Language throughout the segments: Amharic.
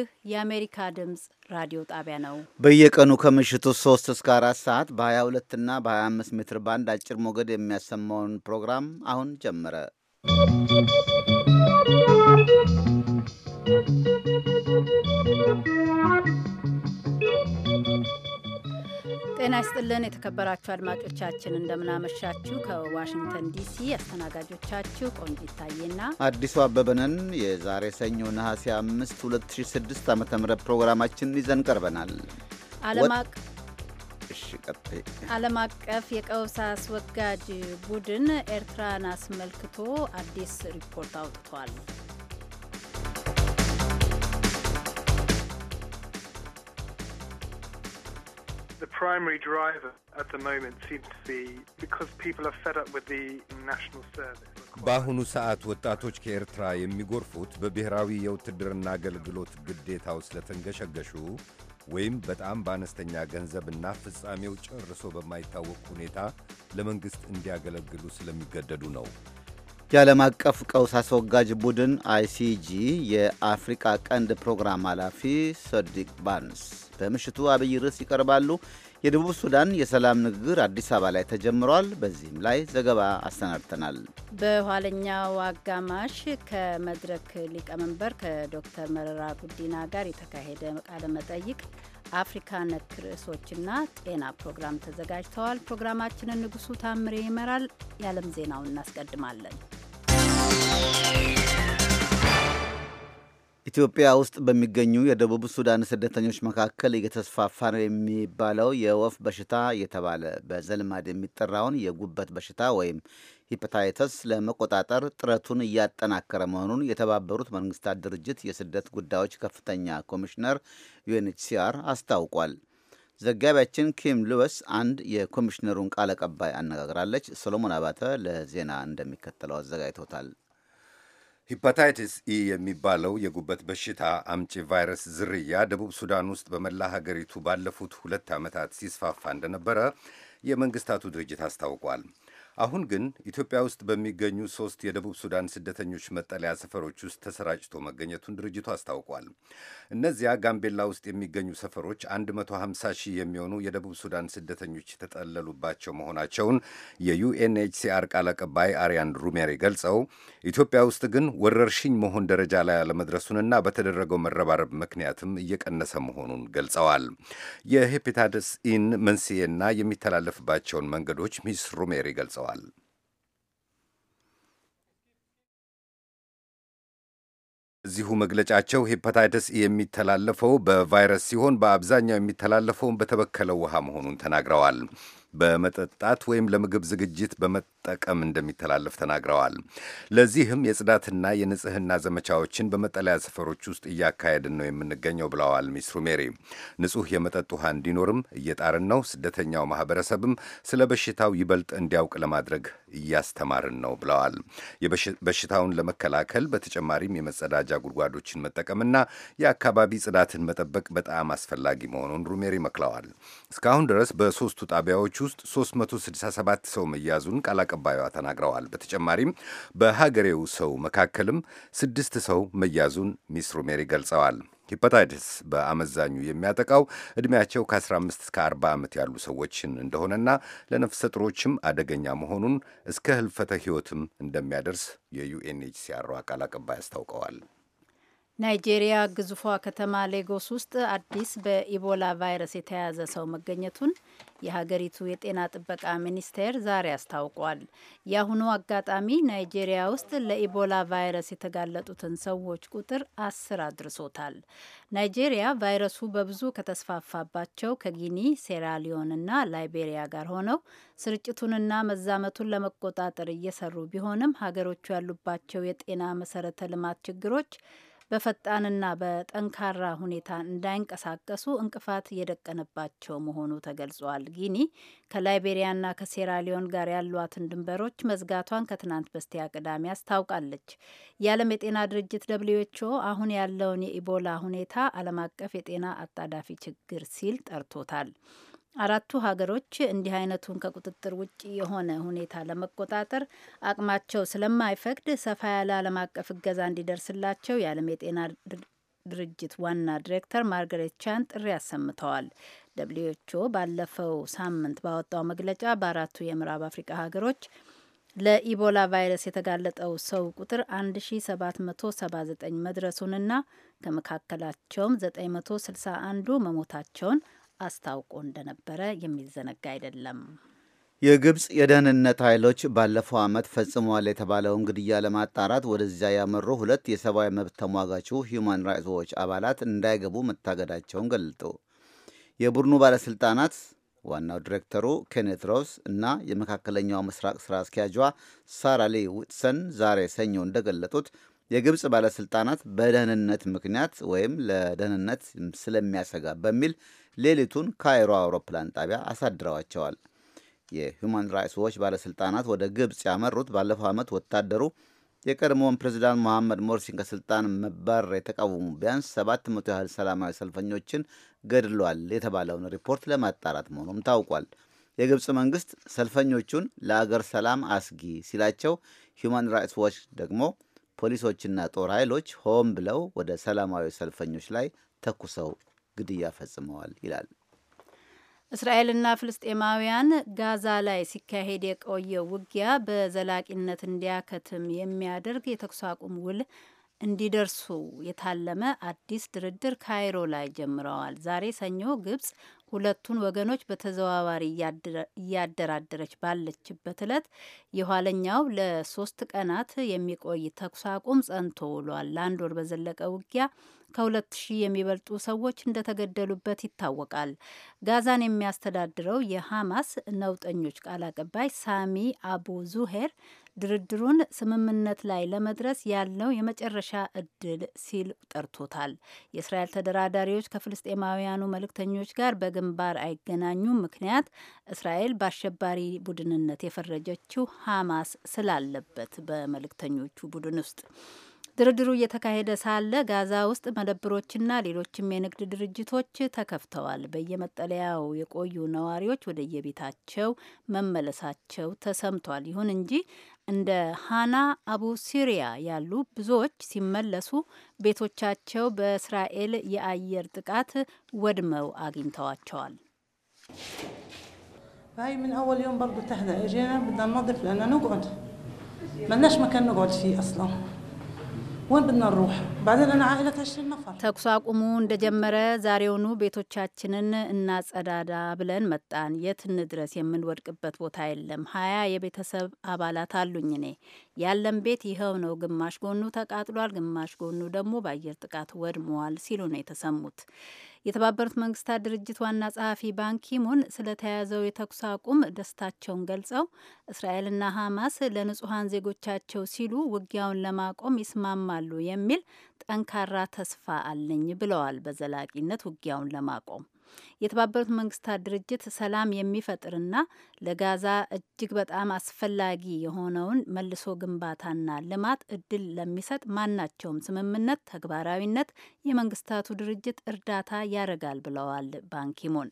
ይህ የአሜሪካ ድምፅ ራዲዮ ጣቢያ ነው። በየቀኑ ከምሽቱ 3 እስከ 4 ሰዓት በ22 እና በ25 ሜትር ባንድ አጭር ሞገድ የሚያሰማውን ፕሮግራም አሁን ጀመረ። ¶¶ ጤና ይስጥልን የተከበራችሁ አድማጮቻችን፣ እንደምናመሻችሁ። ከዋሽንግተን ዲሲ አስተናጋጆቻችሁ ቆንጅ ይታየና አዲሱ አበበነን የዛሬ ሰኞ ነሐሴ 5 2006 ዓ ም ፕሮግራማችንን ይዘን ቀርበናል። ዓለም አቀፍ የቀውስ አስወጋጅ ቡድን ኤርትራን አስመልክቶ አዲስ ሪፖርት አውጥቷል። primary driver at the moment seems to be because people are fed up with the national service. በአሁኑ ሰዓት ወጣቶች ከኤርትራ የሚጎርፉት በብሔራዊ የውትድርና አገልግሎት ግዴታው ስለተንገሸገሹ ወይም በጣም በአነስተኛ ገንዘብና ፍጻሜው ጨርሶ በማይታወቅ ሁኔታ ለመንግሥት እንዲያገለግሉ ስለሚገደዱ ነው። የዓለም አቀፍ ቀውስ አስወጋጅ ቡድን አይሲጂ የአፍሪቃ ቀንድ ፕሮግራም ኃላፊ ሰዲቅ ባንስ በምሽቱ አብይ ርዕስ ይቀርባሉ። የደቡብ ሱዳን የሰላም ንግግር አዲስ አበባ ላይ ተጀምሯል። በዚህም ላይ ዘገባ አሰናድተናል። በኋለኛው አጋማሽ ከመድረክ ሊቀመንበር ከዶክተር መረራ ጉዲና ጋር የተካሄደ ቃለ መጠይቅ አፍሪካ ነክ ርዕሶችና ጤና ፕሮግራም ተዘጋጅተዋል። ፕሮግራማችንን ንጉሱ ታምሬ ይመራል። የዓለም ዜናውን እናስቀድማለን። ኢትዮጵያ ውስጥ በሚገኙ የደቡብ ሱዳን ስደተኞች መካከል እየተስፋፋ ነው የሚባለው የወፍ በሽታ እየተባለ በዘልማድ የሚጠራውን የጉበት በሽታ ወይም ሂፐታይተስ ለመቆጣጠር ጥረቱን እያጠናከረ መሆኑን የተባበሩት መንግስታት ድርጅት የስደት ጉዳዮች ከፍተኛ ኮሚሽነር ዩኤንኤችሲአር አስታውቋል። ዘጋቢያችን ኪም ሉዌስ አንድ የኮሚሽነሩን ቃል አቀባይ አነጋግራለች። ሰሎሞን አባተ ለዜና እንደሚከተለው አዘጋጅቶታል። ሂፓታይትስ ኢ የሚባለው የጉበት በሽታ አምጪ ቫይረስ ዝርያ ደቡብ ሱዳን ውስጥ በመላ ሀገሪቱ ባለፉት ሁለት ዓመታት ሲስፋፋ እንደነበረ የመንግስታቱ ድርጅት አስታውቋል። አሁን ግን ኢትዮጵያ ውስጥ በሚገኙ ሶስት የደቡብ ሱዳን ስደተኞች መጠለያ ሰፈሮች ውስጥ ተሰራጭቶ መገኘቱን ድርጅቱ አስታውቋል። እነዚያ ጋምቤላ ውስጥ የሚገኙ ሰፈሮች 150 ሺህ የሚሆኑ የደቡብ ሱዳን ስደተኞች የተጠለሉባቸው መሆናቸውን የዩኤንኤችሲአር ቃል አቀባይ አሪያን ሩሜሪ ገልጸው ኢትዮጵያ ውስጥ ግን ወረርሽኝ መሆን ደረጃ ላይ አለመድረሱንና በተደረገው መረባረብ ምክንያትም እየቀነሰ መሆኑን ገልጸዋል። የሄፓታይተስ ኢን መንስኤና የሚተላለፍባቸውን መንገዶች ሚስ ሩሜሪ ገልጸዋል። ተናግረዋል። እዚሁ መግለጫቸው ሄፓታይተስ የሚተላለፈው በቫይረስ ሲሆን በአብዛኛው የሚተላለፈውን በተበከለው ውሃ መሆኑን ተናግረዋል። በመጠጣት ወይም ለምግብ ዝግጅት በመጠቀም እንደሚተላለፍ ተናግረዋል። ለዚህም የጽዳትና የንጽህና ዘመቻዎችን በመጠለያ ሰፈሮች ውስጥ እያካሄድን ነው የምንገኘው ብለዋል ሚስ ሩሜሪ። ንጹህ የመጠጥ ውሃ እንዲኖርም እየጣርን ነው። ስደተኛው ማህበረሰብም ስለ በሽታው ይበልጥ እንዲያውቅ ለማድረግ እያስተማርን ነው ብለዋል። በሽታውን ለመከላከል በተጨማሪም የመጸዳጃ ጉድጓዶችን መጠቀምና የአካባቢ ጽዳትን መጠበቅ በጣም አስፈላጊ መሆኑን ሩሜሪ መክለዋል። እስካሁን ድረስ በሦስቱ ጣቢያዎች ውስጥ 367 ሰው መያዙን ቃል አቀባዩዋ ተናግረዋል። በተጨማሪም በሀገሬው ሰው መካከልም ስድስት ሰው መያዙን ሚስ ሩሜሪ ገልጸዋል። ሂፐታይትስ በአመዛኙ የሚያጠቃው ዕድሜያቸው ከ15 እስከ 40 ዓመት ያሉ ሰዎችን እንደሆነና ለነፍሰ ጥሮችም አደገኛ መሆኑን እስከ ህልፈተ ሕይወትም እንደሚያደርስ የዩኤንኤችሲአር ቃል አቀባይ አስታውቀዋል። ናይጄሪያ ግዙፏ ከተማ ሌጎስ ውስጥ አዲስ በኢቦላ ቫይረስ የተያዘ ሰው መገኘቱን የሀገሪቱ የጤና ጥበቃ ሚኒስቴር ዛሬ አስታውቋል። የአሁኑ አጋጣሚ ናይጄሪያ ውስጥ ለኢቦላ ቫይረስ የተጋለጡትን ሰዎች ቁጥር አስር አድርሶታል። ናይጄሪያ ቫይረሱ በብዙ ከተስፋፋባቸው ከጊኒ፣ ሴራሊዮንና ላይቤሪያ ጋር ሆነው ስርጭቱንና መዛመቱን ለመቆጣጠር እየሰሩ ቢሆንም ሀገሮቹ ያሉባቸው የጤና መሰረተ ልማት ችግሮች በፈጣንና በጠንካራ ሁኔታ እንዳይንቀሳቀሱ እንቅፋት እየደቀነባቸው መሆኑ ተገልጿል። ጊኒ ከላይቤሪያና ከሴራሊዮን ጋር ያሏትን ድንበሮች መዝጋቷን ከትናንት በስቲያ ቅዳሜ አስታውቃለች። የዓለም የጤና ድርጅት ደብሊውኤችኦ አሁን ያለውን የኢቦላ ሁኔታ ዓለም አቀፍ የጤና አጣዳፊ ችግር ሲል ጠርቶታል። አራቱ ሀገሮች እንዲህ አይነቱን ከቁጥጥር ውጭ የሆነ ሁኔታ ለመቆጣጠር አቅማቸው ስለማይፈቅድ ሰፋ ያለ ዓለም አቀፍ እገዛ እንዲደርስላቸው የዓለም የጤና ድርጅት ዋና ዲሬክተር ማርገሬት ቻን ጥሪ አሰምተዋል። ደብልዩ ባለፈው ሳምንት ባወጣው መግለጫ በአራቱ የምዕራብ አፍሪካ ሀገሮች ለኢቦላ ቫይረስ የተጋለጠው ሰው ቁጥር 1779 መድረሱንና ከመካከላቸውም 961ዱ መሞታቸውን አስታውቆ እንደነበረ የሚዘነጋ አይደለም። የግብፅ የደህንነት ኃይሎች ባለፈው ዓመት ፈጽመዋል የተባለውን ግድያ ለማጣራት ወደዚያ ያመሩ ሁለት የሰብአዊ መብት ተሟጋቹ ሂውማን ራይትስ ዎች አባላት እንዳይገቡ መታገዳቸውን ገልጡ የቡድኑ ባለሥልጣናት ዋናው ዲሬክተሩ ኬኔት ሮስ እና የመካከለኛው ምስራቅ ሥራ አስኪያጇ ሳራ ሊ ዊትሰን ዛሬ ሰኞ እንደገለጡት የግብፅ ባለሥልጣናት በደህንነት ምክንያት ወይም ለደህንነት ስለሚያሰጋ በሚል ሌሊቱን ካይሮ አውሮፕላን ጣቢያ አሳድረዋቸዋል። የሁማን ራይትስ ዎች ባለሥልጣናት ወደ ግብፅ ያመሩት ባለፈው ዓመት ወታደሩ የቀድሞውን ፕሬዚዳንት መሐመድ ሞርሲን ከስልጣን መባረር የተቃወሙ ቢያንስ ሰባት መቶ ያህል ሰላማዊ ሰልፈኞችን ገድሏል የተባለውን ሪፖርት ለማጣራት መሆኑም ታውቋል። የግብፅ መንግስት ሰልፈኞቹን ለአገር ሰላም አስጊ ሲላቸው፣ ሂዩማን ራይትስ ዎች ደግሞ ፖሊሶችና ጦር ኃይሎች ሆን ብለው ወደ ሰላማዊ ሰልፈኞች ላይ ተኩሰው ግድያ ፈጽመዋል ይላል። እስራኤልና ፍልስጤማውያን ጋዛ ላይ ሲካሄድ የቆየው ውጊያ በዘላቂነት እንዲያከትም የሚያደርግ የተኩስ አቁም ውል እንዲደርሱ የታለመ አዲስ ድርድር ካይሮ ላይ ጀምረዋል። ዛሬ ሰኞ ግብጽ ሁለቱን ወገኖች በተዘዋዋሪ እያደራደረች ባለችበት ዕለት የኋለኛው ለሶስት ቀናት የሚቆይ ተኩስ አቁም ጸንቶ ውሏል። ለአንድ ወር በዘለቀ ውጊያ ከሁለት ሺህ የሚበልጡ ሰዎች እንደተገደሉበት ይታወቃል። ጋዛን የሚያስተዳድረው የሐማስ ነውጠኞች ቃል አቀባይ ሳሚ አቡ ዙሄር ድርድሩን ስምምነት ላይ ለመድረስ ያለው የመጨረሻ እድል ሲል ጠርቶታል። የእስራኤል ተደራዳሪዎች ከፍልስጤማውያኑ መልእክተኞች ጋር በግንባር አይገናኙም። ምክንያት እስራኤል በአሸባሪ ቡድንነት የፈረጀችው ሐማስ ስላለበት በመልእክተኞቹ ቡድን ውስጥ ድርድሩ እየተካሄደ ሳለ ጋዛ ውስጥ መደብሮችና ሌሎችም የንግድ ድርጅቶች ተከፍተዋል። በየመጠለያው የቆዩ ነዋሪዎች ወደየቤታቸው መመለሳቸው ተሰምቷል። ይሁን እንጂ እንደ ሃና አቡ ሲሪያ ያሉ ብዙዎች ሲመለሱ ቤቶቻቸው በእስራኤል የአየር ጥቃት ወድመው አግኝተዋቸዋል። ተኩስ አቁሙ እንደጀመረ ዛሬውኑ ቤቶቻችንን እናጸዳዳ ብለን መጣን። የት እንድረስ? የምንወድቅበት ቦታ የለም። ሀያ የቤተሰብ አባላት አሉኝ። እኔ ያለን ቤት ይኸው ነው። ግማሽ ጎኑ ተቃጥሏል፣ ግማሽ ጎኑ ደግሞ በአየር ጥቃት ወድመዋል ሲሉ ነው የተሰሙት። የተባበሩት መንግስታት ድርጅት ዋና ጸሐፊ ባንኪሙን ስለተያዘው የተኩስ አቁም ደስታቸውን ገልጸው እስራኤልና ሀማስ ለንጹሐን ዜጎቻቸው ሲሉ ውጊያውን ለማቆም ይስማማሉ የሚል ጠንካራ ተስፋ አለኝ ብለዋል። በዘላቂነት ውጊያውን ለማቆም የተባበሩት መንግስታት ድርጅት ሰላም የሚፈጥርና ለጋዛ እጅግ በጣም አስፈላጊ የሆነውን መልሶ ግንባታና ልማት እድል ለሚሰጥ ማናቸውም ስምምነት ተግባራዊነት የመንግስታቱ ድርጅት እርዳታ ያደርጋል ብለዋል ባንኪሙን።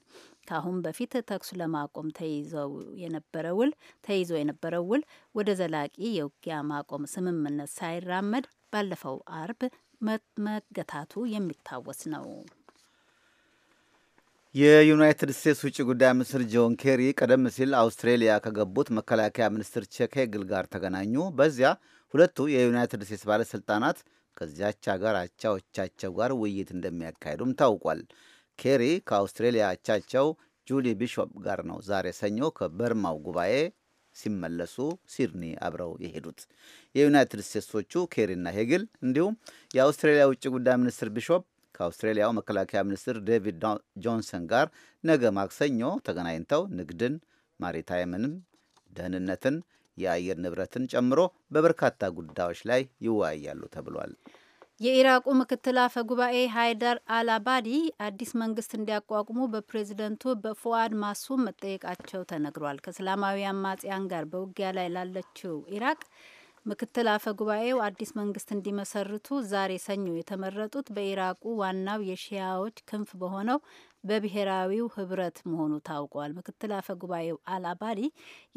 ከአሁን በፊት ተኩስ ለማቆም ተይዘው የነበረ ውል ተይዞ የነበረው ውል ወደ ዘላቂ የውጊያ ማቆም ስምምነት ሳይራመድ ባለፈው አርብ መገታቱ የሚታወስ ነው። የዩናይትድ ስቴትስ ውጭ ጉዳይ ሚኒስትር ጆን ኬሪ ቀደም ሲል አውስትሬሊያ ከገቡት መከላከያ ሚኒስትር ቼክ ሄግል ጋር ተገናኙ። በዚያ ሁለቱ የዩናይትድ ስቴትስ ባለሥልጣናት ከዚያች አገር አቻዎቻቸው ጋር ውይይት እንደሚያካሂዱም ታውቋል። ኬሪ ከአውስትሬሊያ አቻቸው ጁሊ ቢሾፕ ጋር ነው ዛሬ ሰኞ ከበርማው ጉባኤ ሲመለሱ ሲድኒ አብረው የሄዱት የዩናይትድ ስቴትሶቹ ኬሪና ሄግል እንዲሁም የአውስትሬሊያ ውጭ ጉዳይ ሚኒስትር ቢሾፕ ከአውስትሬሊያው መከላከያ ሚኒስትር ዴቪድ ጆንሰን ጋር ነገ ማክሰኞ ተገናኝተው ንግድን፣ ማሪታይምንም፣ ደህንነትን፣ የአየር ንብረትን ጨምሮ በበርካታ ጉዳዮች ላይ ይወያያሉ ተብሏል። የኢራቁ ምክትል አፈ ጉባኤ ሃይደር አልአባዲ አዲስ መንግስት እንዲያቋቁሙ በፕሬዝደንቱ በፉአድ ማሱም መጠየቃቸው ተነግሯል። ከእስላማዊ አማጽያን ጋር በውጊያ ላይ ላለችው ኢራቅ ምክትል አፈ ጉባኤው አዲስ መንግስት እንዲመሰርቱ ዛሬ ሰኞ የተመረጡት በኢራቁ ዋናው የሺያዎች ክንፍ በሆነው በብሔራዊው ህብረት መሆኑ ታውቋል። ምክትል አፈ ጉባኤው አልአባዲ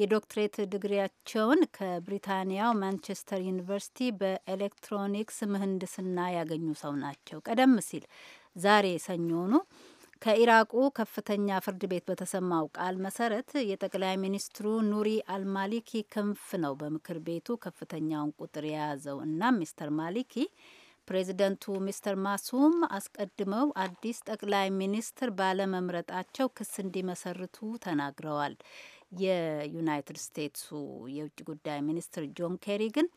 የዶክትሬት ድግሪያቸውን ከብሪታንያው ማንቸስተር ዩኒቨርሲቲ በኤሌክትሮኒክስ ምህንድስና ያገኙ ሰው ናቸው። ቀደም ሲል ዛሬ ሰኞኑ ከኢራቁ ከፍተኛ ፍርድ ቤት በተሰማው ቃል መሰረት የጠቅላይ ሚኒስትሩ ኑሪ አልማሊኪ ክንፍ ነው በምክር ቤቱ ከፍተኛውን ቁጥር የያዘው እና ሚስተር ማሊኪ ፕሬዚደንቱ ሚስተር ማሱም አስቀድመው አዲስ ጠቅላይ ሚኒስትር ባለመምረጣቸው ክስ እንዲመሰርቱ ተናግረዋል። የዩናይትድ ስቴትሱ የውጭ ጉዳይ ሚኒስትር ጆን ኬሪ ግን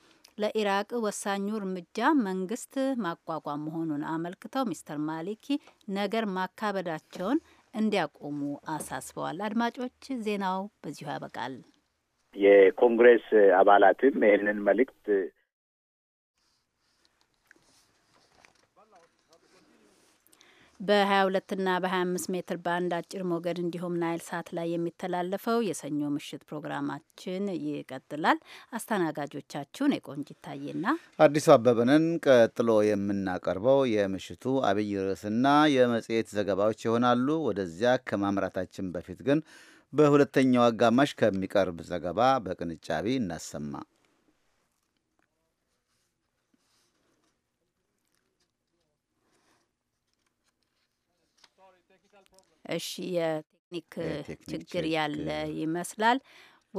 ለኢራቅ ወሳኙ እርምጃ መንግስት ማቋቋም መሆኑን አመልክተው ሚስተር ማሊኪ ነገር ማካበዳቸውን እንዲያቆሙ አሳስበዋል። አድማጮች፣ ዜናው በዚሁ ያበቃል። የኮንግሬስ አባላትም ይህንን መልእክት በ22ና በ25 ሜትር ባንድ አጭር ሞገድ እንዲሁም ናይል ሳት ላይ የሚተላለፈው የሰኞ ምሽት ፕሮግራማችን ይቀጥላል። አስተናጋጆቻችሁን የቆንጅ ይታየና አዲሱ አበበንን ቀጥሎ የምናቀርበው የምሽቱ አብይ ርዕስና የመጽሔት ዘገባዎች ይሆናሉ። ወደዚያ ከማምራታችን በፊት ግን በሁለተኛው አጋማሽ ከሚቀርብ ዘገባ በቅንጫቢ እናሰማ። እሺ የቴክኒክ ችግር ያለ ይመስላል።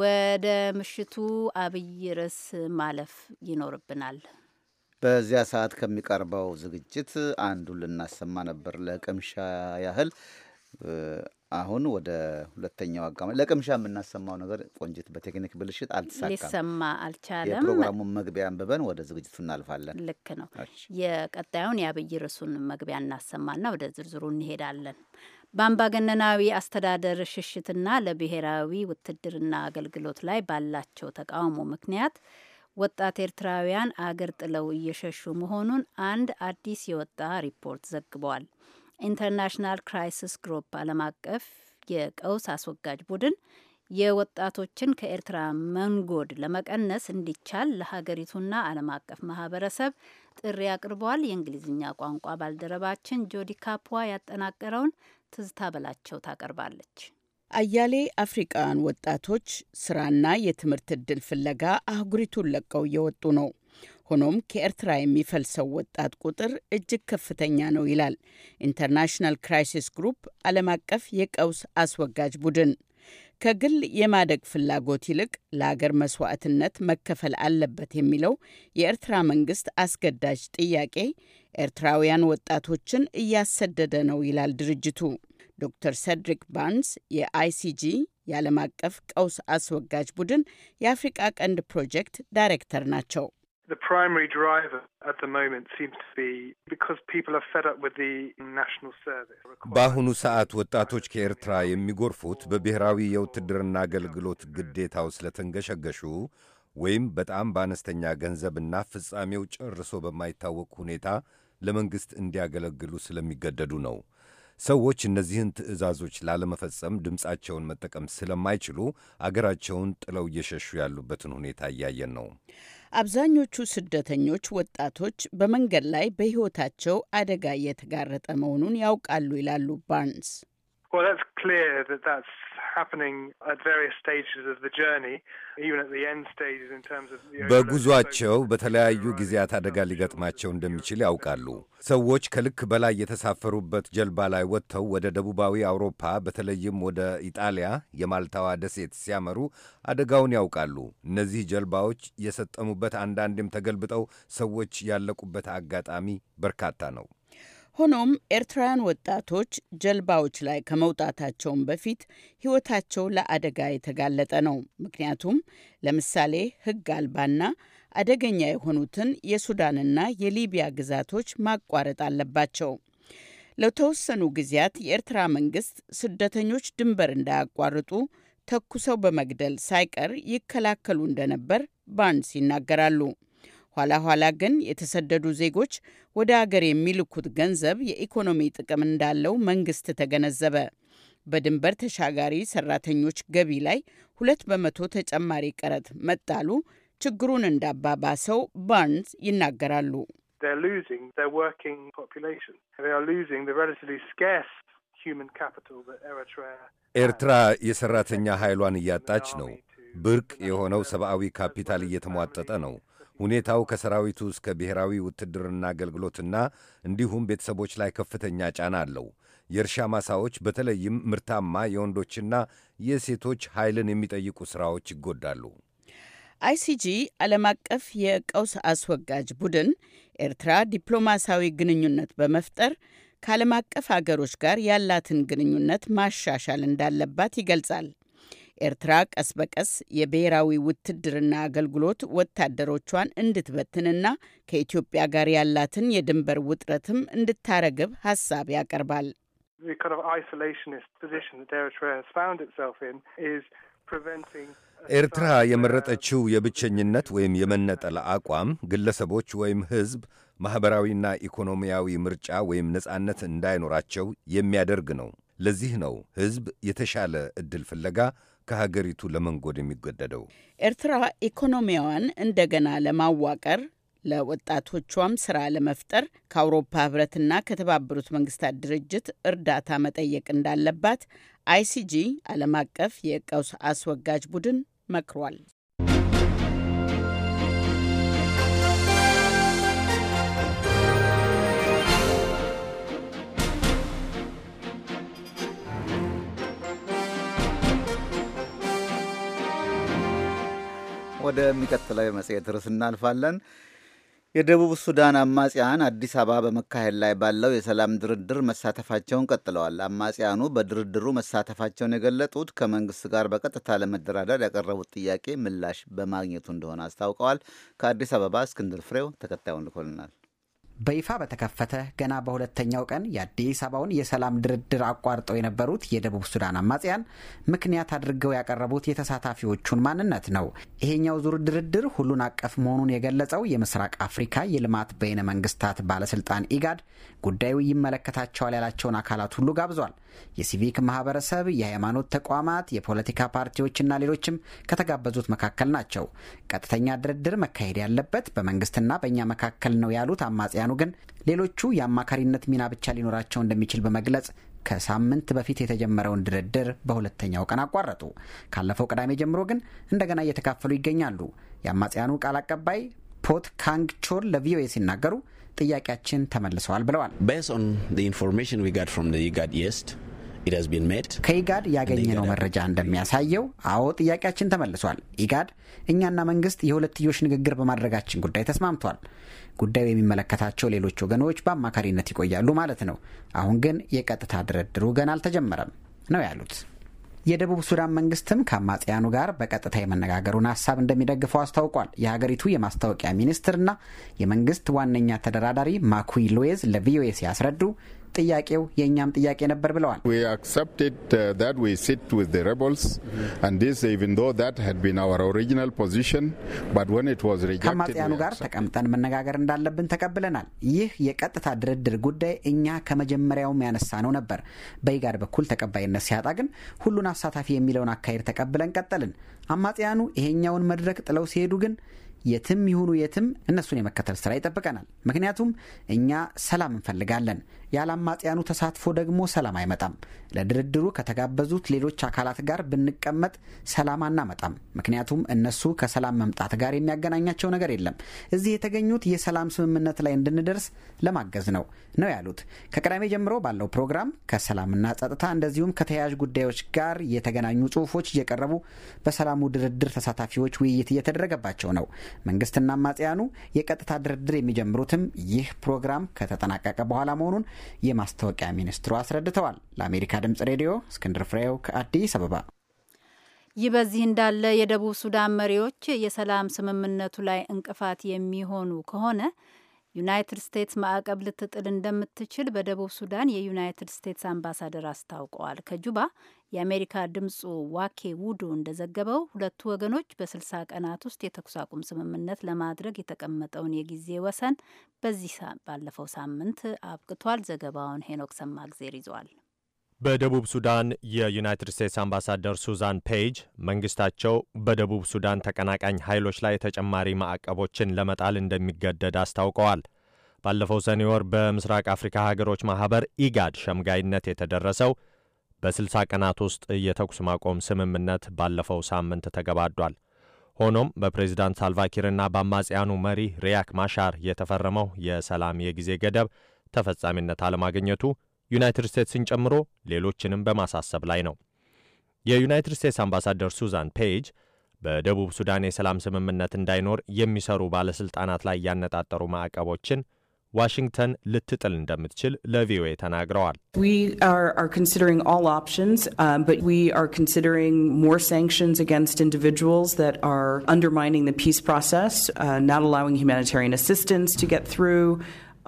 ወደ ምሽቱ አብይ ርዕስ ማለፍ ይኖርብናል። በዚያ ሰዓት ከሚቀርበው ዝግጅት አንዱን ልናሰማ ነበር ለቅምሻ ያህል አሁን ወደ ሁለተኛው አጋማሽ ለቅምሻ የምናሰማው ነገር ቆንጅት፣ በቴክኒክ ብልሽት አልተሳካም፣ ሊሰማ አልቻለም። የፕሮግራሙን መግቢያ አንብበን ወደ ዝግጅቱ እናልፋለን። ልክ ነው። የቀጣዩን የአብይ ርዕሱን መግቢያ እናሰማና ወደ ዝርዝሩ እንሄዳለን። በአምባገነናዊ አስተዳደር ሽሽትና ለብሔራዊ ውትድርና አገልግሎት ላይ ባላቸው ተቃውሞ ምክንያት ወጣት ኤርትራውያን አገር ጥለው እየሸሹ መሆኑን አንድ አዲስ የወጣ ሪፖርት ዘግቧል። ኢንተርናሽናል ክራይሲስ ግሩፕ ዓለም አቀፍ የቀውስ አስወጋጅ ቡድን የወጣቶችን ከኤርትራ መንጎድ ለመቀነስ እንዲቻል ለሀገሪቱና ዓለም አቀፍ ማህበረሰብ ጥሪ አቅርበዋል። የእንግሊዝኛ ቋንቋ ባልደረባችን ጆዲ ካፖዋ ያጠናቀረውን ትዝታ በላቸው ታቀርባለች። አያሌ አፍሪቃውያን ወጣቶች ስራና የትምህርት እድል ፍለጋ አህጉሪቱን ለቀው እየወጡ ነው። ሆኖም ከኤርትራ የሚፈልሰው ወጣት ቁጥር እጅግ ከፍተኛ ነው ይላል ኢንተርናሽናል ክራይሲስ ግሩፕ ዓለም አቀፍ የቀውስ አስወጋጅ ቡድን። ከግል የማደግ ፍላጎት ይልቅ ለአገር መስዋዕትነት መከፈል አለበት የሚለው የኤርትራ መንግስት አስገዳጅ ጥያቄ ኤርትራውያን ወጣቶችን እያሰደደ ነው ይላል ድርጅቱ። ዶክተር ሰድሪክ ባንስ የአይሲጂ የዓለም አቀፍ ቀውስ አስወጋጅ ቡድን የአፍሪቃ ቀንድ ፕሮጀክት ዳይሬክተር ናቸው። The primary driver at the moment seems to be because people are fed up with the national service. በአሁኑ ሰዓት ወጣቶች ከኤርትራ የሚጎርፉት በብሔራዊ የውትድርና አገልግሎት ግዴታው ስለተንገሸገሹ ወይም በጣም በአነስተኛ ገንዘብና ፍጻሜው ጨርሶ በማይታወቅ ሁኔታ ለመንግሥት እንዲያገለግሉ ስለሚገደዱ ነው። ሰዎች እነዚህን ትዕዛዞች ላለመፈጸም ድምፃቸውን መጠቀም ስለማይችሉ አገራቸውን ጥለው እየሸሹ ያሉበትን ሁኔታ እያየን ነው። አብዛኞቹ ስደተኞች ወጣቶች በመንገድ ላይ በሕይወታቸው አደጋ እየተጋረጠ መሆኑን ያውቃሉ ይላሉ ባርንስ። Well, that's clear that that's happening at various stages of the journey, even at the end stages in terms of the በጉዟቸው በተለያዩ ጊዜያት አደጋ ሊገጥማቸው እንደሚችል ያውቃሉ። ሰዎች ከልክ በላይ የተሳፈሩበት ጀልባ ላይ ወጥተው ወደ ደቡባዊ አውሮፓ በተለይም ወደ ኢጣሊያ የማልታዋ ደሴት ሲያመሩ አደጋውን ያውቃሉ። እነዚህ ጀልባዎች የሰጠሙበት አንዳንዴም ተገልብጠው ሰዎች ያለቁበት አጋጣሚ በርካታ ነው። ሆኖም ኤርትራውያን ወጣቶች ጀልባዎች ላይ ከመውጣታቸውን በፊት ሕይወታቸው ለአደጋ የተጋለጠ ነው። ምክንያቱም ለምሳሌ ሕግ አልባና አደገኛ የሆኑትን የሱዳንና የሊቢያ ግዛቶች ማቋረጥ አለባቸው። ለተወሰኑ ጊዜያት የኤርትራ መንግስት ስደተኞች ድንበር እንዳያቋርጡ ተኩሰው በመግደል ሳይቀር ይከላከሉ እንደነበር ባንስ ይናገራሉ። ኋላ ኋላ ግን የተሰደዱ ዜጎች ወደ አገር የሚልኩት ገንዘብ የኢኮኖሚ ጥቅም እንዳለው መንግስት ተገነዘበ። በድንበር ተሻጋሪ ሰራተኞች ገቢ ላይ ሁለት በመቶ ተጨማሪ ቀረጥ መጣሉ ችግሩን እንዳባባሰው ባርንስ ይናገራሉ። ኤርትራ የሰራተኛ ኃይሏን እያጣች ነው። ብርቅ የሆነው ሰብአዊ ካፒታል እየተሟጠጠ ነው። ሁኔታው ከሰራዊቱ እስከ ብሔራዊ ውትድርና አገልግሎትና እንዲሁም ቤተሰቦች ላይ ከፍተኛ ጫና አለው። የእርሻ ማሳዎች በተለይም ምርታማ የወንዶችና የሴቶች ኃይልን የሚጠይቁ ስራዎች ይጎዳሉ። አይሲጂ ዓለም አቀፍ የቀውስ አስወጋጅ ቡድን ኤርትራ ዲፕሎማሲያዊ ግንኙነት በመፍጠር ከዓለም አቀፍ አገሮች ጋር ያላትን ግንኙነት ማሻሻል እንዳለባት ይገልጻል። ኤርትራ ቀስ በቀስ የብሔራዊ ውትድርና አገልግሎት ወታደሮቿን እንድትበትንና ከኢትዮጵያ ጋር ያላትን የድንበር ውጥረትም እንድታረግብ ሀሳብ ያቀርባል። ኤርትራ የመረጠችው የብቸኝነት ወይም የመነጠል አቋም ግለሰቦች ወይም ሕዝብ ማኅበራዊና ኢኮኖሚያዊ ምርጫ ወይም ነጻነት እንዳይኖራቸው የሚያደርግ ነው። ለዚህ ነው ሕዝብ የተሻለ ዕድል ፍለጋ ከሀገሪቱ ለመንጎድ የሚገደደው። ኤርትራ ኢኮኖሚዋን እንደገና ለማዋቀር ለወጣቶቿም ስራ ለመፍጠር ከአውሮፓ ህብረትና ከተባበሩት መንግስታት ድርጅት እርዳታ መጠየቅ እንዳለባት አይሲጂ ዓለም አቀፍ የቀውስ አስወጋጅ ቡድን መክሯል። ወደሚቀጥለው የመጽሔት ርዕስ እናልፋለን። የደቡብ ሱዳን አማጽያን አዲስ አበባ በመካሄድ ላይ ባለው የሰላም ድርድር መሳተፋቸውን ቀጥለዋል። አማጽያኑ በድርድሩ መሳተፋቸውን የገለጡት ከመንግስት ጋር በቀጥታ ለመደራደር ያቀረቡት ጥያቄ ምላሽ በማግኘቱ እንደሆነ አስታውቀዋል። ከአዲስ አበባ እስክንድር ፍሬው ተከታዩን ልኮልናል። በይፋ በተከፈተ ገና በሁለተኛው ቀን የአዲስ አበባውን የሰላም ድርድር አቋርጠው የነበሩት የደቡብ ሱዳን አማጽያን ምክንያት አድርገው ያቀረቡት የተሳታፊዎቹን ማንነት ነው። ይሄኛው ዙር ድርድር ሁሉን አቀፍ መሆኑን የገለጸው የምስራቅ አፍሪካ የልማት በይነ መንግስታት ባለስልጣን ኢጋድ ጉዳዩ ይመለከታቸዋል ያላቸውን አካላት ሁሉ ጋብዟል። የሲቪክ ማህበረሰብ፣ የሃይማኖት ተቋማት፣ የፖለቲካ ፓርቲዎችና ሌሎችም ከተጋበዙት መካከል ናቸው። ቀጥተኛ ድርድር መካሄድ ያለበት በመንግስትና በእኛ መካከል ነው ያሉት አማጽያ ኢትዮጵያውያኑ ግን ሌሎቹ የአማካሪነት ሚና ብቻ ሊኖራቸው እንደሚችል በመግለጽ ከሳምንት በፊት የተጀመረውን ድርድር በሁለተኛው ቀን አቋረጡ። ካለፈው ቅዳሜ ጀምሮ ግን እንደገና እየተካፈሉ ይገኛሉ። የአማጽያኑ ቃል አቀባይ ፖት ካንግ ቾል ለቪኦኤ ሲናገሩ ጥያቄያችን ተመልሰዋል ብለዋል። ከኢጋድ ያገኘነው መረጃ እንደሚያሳየው አዎ፣ ጥያቄያችን ተመልሷል። ኢጋድ እኛና መንግስት የሁለትዮሽ ንግግር በማድረጋችን ጉዳይ ተስማምቷል። ጉዳዩ የሚመለከታቸው ሌሎች ወገኖች በአማካሪነት ይቆያሉ ማለት ነው። አሁን ግን የቀጥታ ድርድሩ ገና አልተጀመረም ነው ያሉት። የደቡብ ሱዳን መንግስትም ከአማጽያኑ ጋር በቀጥታ የመነጋገሩን ሀሳብ እንደሚደግፈው አስታውቋል። የሀገሪቱ የማስታወቂያ ሚኒስትርና የመንግስት ዋነኛ ተደራዳሪ ማኩይ ሎዌዝ ለቪኦኤ ሲያስረዱ ጥያቄው የእኛም ጥያቄ ነበር ብለዋል። uh, ከአማጽያኑ ጋር ተቀምጠን መነጋገር እንዳለብን ተቀብለናል። ይህ የቀጥታ ድርድር ጉዳይ እኛ ከመጀመሪያውም ያነሳ ነው ነበር። በኢጋድ በኩል ተቀባይነት ሲያጣ ግን ሁሉን አሳታፊ የሚለውን አካሄድ ተቀብለን ቀጠልን። አማጽያኑ ይሄኛውን መድረክ ጥለው ሲሄዱ ግን የትም ይሁኑ የትም እነሱን የመከተል ስራ ይጠብቀናል። ምክንያቱም እኛ ሰላም እንፈልጋለን። ያለ አማጽያኑ ተሳትፎ ደግሞ ሰላም አይመጣም። ለድርድሩ ከተጋበዙት ሌሎች አካላት ጋር ብንቀመጥ ሰላም አናመጣም። ምክንያቱም እነሱ ከሰላም መምጣት ጋር የሚያገናኛቸው ነገር የለም። እዚህ የተገኙት የሰላም ስምምነት ላይ እንድንደርስ ለማገዝ ነው ነው ያሉት። ከቅዳሜ ጀምሮ ባለው ፕሮግራም ከሰላምና ጸጥታ እንደዚሁም ከተያያዥ ጉዳዮች ጋር የተገናኙ ጽሁፎች እየቀረቡ በሰላሙ ድርድር ተሳታፊዎች ውይይት እየተደረገባቸው ነው። መንግስትና አማጽያኑ የቀጥታ ድርድር የሚጀምሩትም ይህ ፕሮግራም ከተጠናቀቀ በኋላ መሆኑን የማስታወቂያ ሚኒስትሩ አስረድተዋል። ለአሜሪካ ድምጽ ሬዲዮ እስክንድር ፍሬው ከአዲስ አበባ። ይህ በዚህ እንዳለ የደቡብ ሱዳን መሪዎች የሰላም ስምምነቱ ላይ እንቅፋት የሚሆኑ ከሆነ ዩናይትድ ስቴትስ ማዕቀብ ልትጥል እንደምትችል በደቡብ ሱዳን የዩናይትድ ስቴትስ አምባሳደር አስታውቀዋል። ከጁባ የአሜሪካ ድምፁ ዋኬ ውዱ እንደዘገበው ሁለቱ ወገኖች በስልሳ ቀናት ውስጥ የተኩስ አቁም ስምምነት ለማድረግ የተቀመጠውን የጊዜ ወሰን በዚህ ባለፈው ሳምንት አብቅቷል። ዘገባውን ሄኖክ ሰማግዜር ይዟል። በደቡብ ሱዳን የዩናይትድ ስቴትስ አምባሳደር ሱዛን ፔጅ መንግስታቸው በደቡብ ሱዳን ተቀናቃኝ ኃይሎች ላይ ተጨማሪ ማዕቀቦችን ለመጣል እንደሚገደድ አስታውቀዋል። ባለፈው ሰኔ ወር በምስራቅ አፍሪካ ሀገሮች ማኅበር ኢጋድ ሸምጋይነት የተደረሰው በ60 ቀናት ውስጥ የተኩስ ማቆም ስምምነት ባለፈው ሳምንት ተገባዷል። ሆኖም በፕሬዚዳንት ሳልቫኪርና በአማጽያኑ መሪ ሪያክ ማሻር የተፈረመው የሰላም የጊዜ ገደብ ተፈጻሚነት አለማግኘቱ ዩናይትድ ስቴትስን ጨምሮ ሌሎችንም በማሳሰብ ላይ ነው። የዩናይትድ ስቴትስ አምባሳደር ሱዛን ፔጅ በደቡብ ሱዳን የሰላም ስምምነት እንዳይኖር የሚሰሩ ባለሥልጣናት ላይ ያነጣጠሩ ማዕቀቦችን ዋሽንግተን ልትጥል እንደምትችል ለቪኦኤ ተናግረዋል።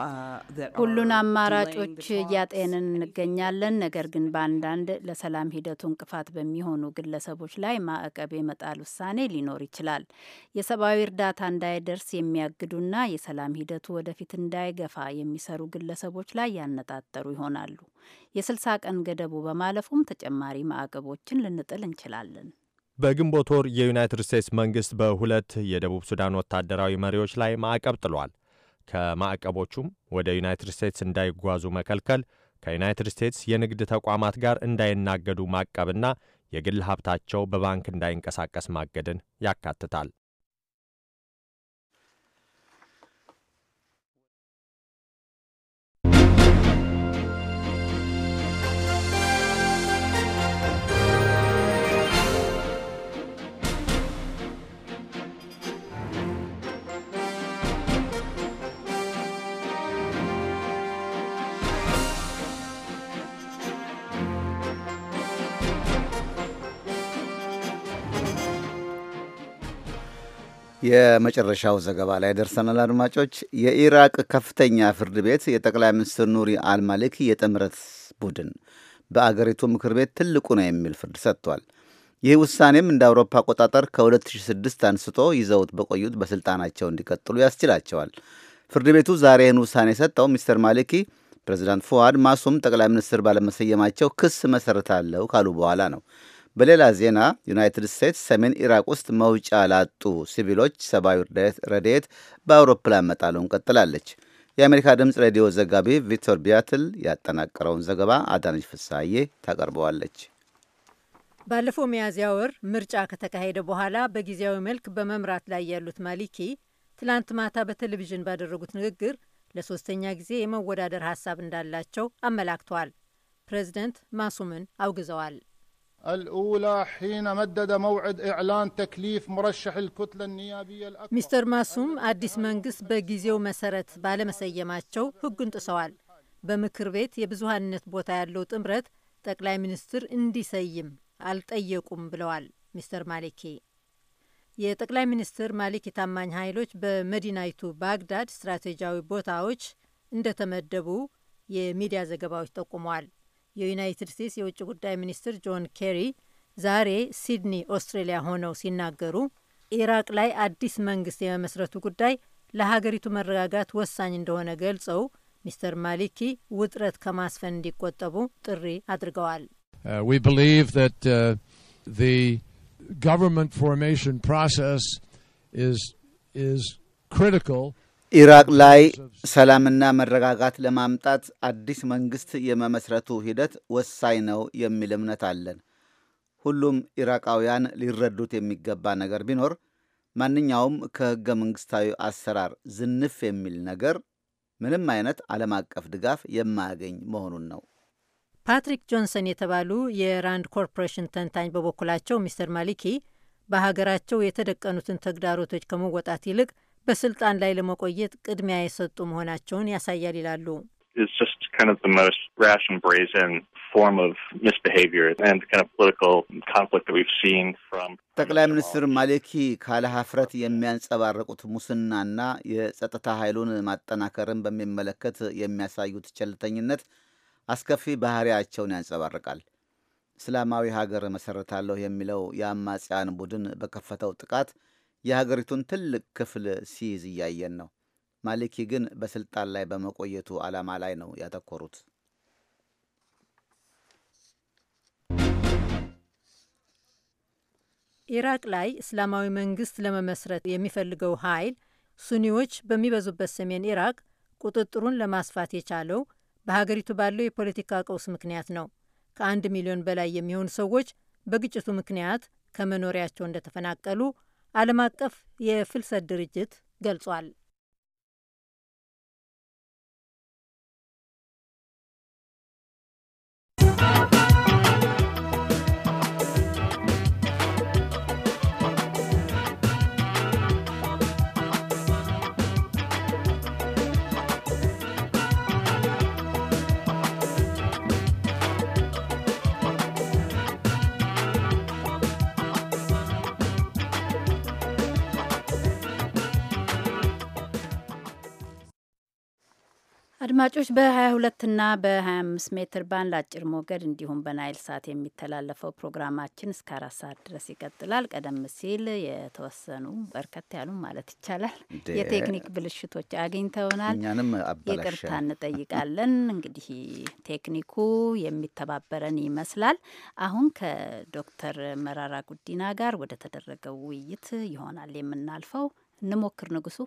Uh, ሁሉን አማራጮች እያጤንን እንገኛለን። ነገር ግን በአንዳንድ ለሰላም ሂደቱ እንቅፋት በሚሆኑ ግለሰቦች ላይ ማዕቀብ የመጣል ውሳኔ ሊኖር ይችላል። የሰብአዊ እርዳታ እንዳይደርስ የሚያግዱና የሰላም ሂደቱ ወደፊት እንዳይገፋ የሚሰሩ ግለሰቦች ላይ ያነጣጠሩ ይሆናሉ። የስልሳ ቀን ገደቡ በማለፉም ተጨማሪ ማዕቀቦችን ልንጥል እንችላለን። በግንቦት ወር የዩናይትድ ስቴትስ መንግስት በሁለት የደቡብ ሱዳን ወታደራዊ መሪዎች ላይ ማዕቀብ ጥሏል። ከማዕቀቦቹም ወደ ዩናይትድ ስቴትስ እንዳይጓዙ መከልከል፣ ከዩናይትድ ስቴትስ የንግድ ተቋማት ጋር እንዳይናገዱ ማቀብና የግል ሀብታቸው በባንክ እንዳይንቀሳቀስ ማገድን ያካትታል። የመጨረሻው ዘገባ ላይ ደርሰናል አድማጮች። የኢራቅ ከፍተኛ ፍርድ ቤት የጠቅላይ ሚኒስትር ኑሪ አልማሊኪ የጥምረት ቡድን በአገሪቱ ምክር ቤት ትልቁ ነው የሚል ፍርድ ሰጥቷል። ይህ ውሳኔም እንደ አውሮፓ አቆጣጠር ከ2006 አንስቶ ይዘውት በቆዩት በስልጣናቸው እንዲቀጥሉ ያስችላቸዋል። ፍርድ ቤቱ ዛሬ ይህን ውሳኔ የሰጠው ሚስተር ማሊኪ ፕሬዚዳንት ፉአድ ማሱም ጠቅላይ ሚኒስትር ባለመሰየማቸው ክስ መሰረታለሁ ካሉ በኋላ ነው። በሌላ ዜና ዩናይትድ ስቴትስ ሰሜን ኢራቅ ውስጥ መውጫ ላጡ ሲቪሎች ሰብአዊ ረድኤት በአውሮፕላን መጣሉን ቀጥላለች። የአሜሪካ ድምፅ ሬዲዮ ዘጋቢ ቪክቶር ቢያትል ያጠናቀረውን ዘገባ አዳነች ፍሳዬ ታቀርበዋለች። ባለፈው ሚያዝያ ወር ምርጫ ከተካሄደ በኋላ በጊዜያዊ መልክ በመምራት ላይ ያሉት ማሊኪ ትላንት ማታ በቴሌቪዥን ባደረጉት ንግግር ለሶስተኛ ጊዜ የመወዳደር ሀሳብ እንዳላቸው አመላክተዋል። ፕሬዚደንት ማሱምን አውግዘዋል። الأولى حين مدد موعد إعلان تكليف مرشح الكتلة النيابية الأكبر مستر ماسوم أديس منقص بجيزيو مسارت ባለመሰየማቸው ሕጉን ጥሰዋል። በምክር ቤት የብዙሃንነት ቦታ ያለው ጥምረት ጠቅላይ ሚኒስትር እንዲሰይም አልጠየቁም ብለዋል ሚስተር ማሊኪ። የጠቅላይ ሚኒስትር ማሊኪ ታማኝ ኃይሎች በመዲናይቱ ባግዳድ ስትራቴጂያዊ ቦታዎች እንደተመደቡ የሚዲያ ዘገባዎች ጠቁመዋል። የዩናይትድ ስቴትስ የውጭ ጉዳይ ሚኒስትር ጆን ኬሪ ዛሬ ሲድኒ ኦስትሬሊያ ሆነው ሲናገሩ ኢራቅ ላይ አዲስ መንግስት የመመስረቱ ጉዳይ ለሀገሪቱ መረጋጋት ወሳኝ እንደሆነ ገልጸው ሚስተር ማሊኪ ውጥረት ከማስፈን እንዲቆጠቡ ጥሪ አድርገዋል። uh, ኢራቅ ላይ ሰላምና መረጋጋት ለማምጣት አዲስ መንግስት የመመስረቱ ሂደት ወሳኝ ነው የሚል እምነት አለን። ሁሉም ኢራቃውያን ሊረዱት የሚገባ ነገር ቢኖር ማንኛውም ከህገ መንግስታዊ አሰራር ዝንፍ የሚል ነገር ምንም አይነት ዓለም አቀፍ ድጋፍ የማያገኝ መሆኑን ነው። ፓትሪክ ጆንሰን የተባሉ የራንድ ኮርፖሬሽን ተንታኝ በበኩላቸው ሚስተር ማሊኪ በሀገራቸው የተደቀኑትን ተግዳሮቶች ከመወጣት ይልቅ በስልጣን ላይ ለመቆየት ቅድሚያ የሰጡ መሆናቸውን ያሳያል ይላሉ። ጠቅላይ ሚኒስትር ማሌኪ ካለ ሀፍረት የሚያንጸባረቁት ሙስናና የጸጥታ ኃይሉን ማጠናከርን በሚመለከት የሚያሳዩት ቸልተኝነት አስከፊ ባህሪያቸውን ያንጸባርቃል። እስላማዊ ሀገር መሰረታለሁ የሚለው የአማጽያን ቡድን በከፈተው ጥቃት የሀገሪቱን ትልቅ ክፍል ሲይዝ እያየን ነው። ማሊኪ ግን በስልጣን ላይ በመቆየቱ ዓላማ ላይ ነው ያተኮሩት። ኢራቅ ላይ እስላማዊ መንግስት ለመመስረት የሚፈልገው ኃይል ሱኒዎች በሚበዙበት ሰሜን ኢራቅ ቁጥጥሩን ለማስፋት የቻለው በሀገሪቱ ባለው የፖለቲካ ቀውስ ምክንያት ነው። ከአንድ ሚሊዮን በላይ የሚሆኑ ሰዎች በግጭቱ ምክንያት ከመኖሪያቸው እንደተፈናቀሉ ዓለም አቀፍ የፍልሰት ድርጅት ገልጿል። አድማጮች በ22 እና በ25 ሜትር ባንድ አጭር ሞገድ እንዲሁም በናይል ሳት የሚተላለፈው ፕሮግራማችን እስከ አራት ሰዓት ድረስ ይቀጥላል። ቀደም ሲል የተወሰኑ በርከት ያሉ ማለት ይቻላል የቴክኒክ ብልሽቶች አግኝተውናል። ይቅርታ እንጠይቃለን። እንግዲህ ቴክኒኩ የሚተባበረን ይመስላል። አሁን ከዶክተር መራራ ጉዲና ጋር ወደ ተደረገው ውይይት ይሆናል የምናልፈው። እንሞክር ንጉሱ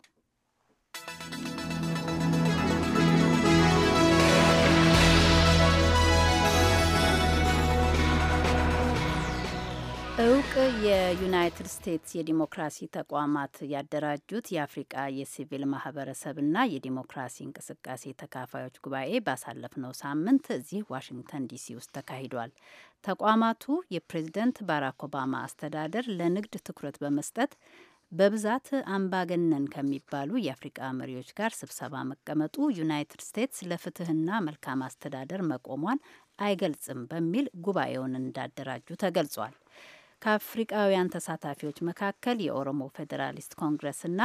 እውቅ የዩናይትድ ስቴትስ የዲሞክራሲ ተቋማት ያደራጁት የአፍሪቃ የሲቪል ማህበረሰብና የዲሞክራሲ እንቅስቃሴ ተካፋዮች ጉባኤ ባሳለፍነው ሳምንት እዚህ ዋሽንግተን ዲሲ ውስጥ ተካሂዷል። ተቋማቱ የፕሬዝደንት ባራክ ኦባማ አስተዳደር ለንግድ ትኩረት በመስጠት በብዛት አምባገነን ከሚባሉ የአፍሪቃ መሪዎች ጋር ስብሰባ መቀመጡ ዩናይትድ ስቴትስ ለፍትህና መልካም አስተዳደር መቆሟን አይገልጽም በሚል ጉባኤውን እንዳደራጁ ተገልጿል። ከአፍሪቃውያን ተሳታፊዎች መካከል የኦሮሞ ፌዴራሊስት ኮንግረስና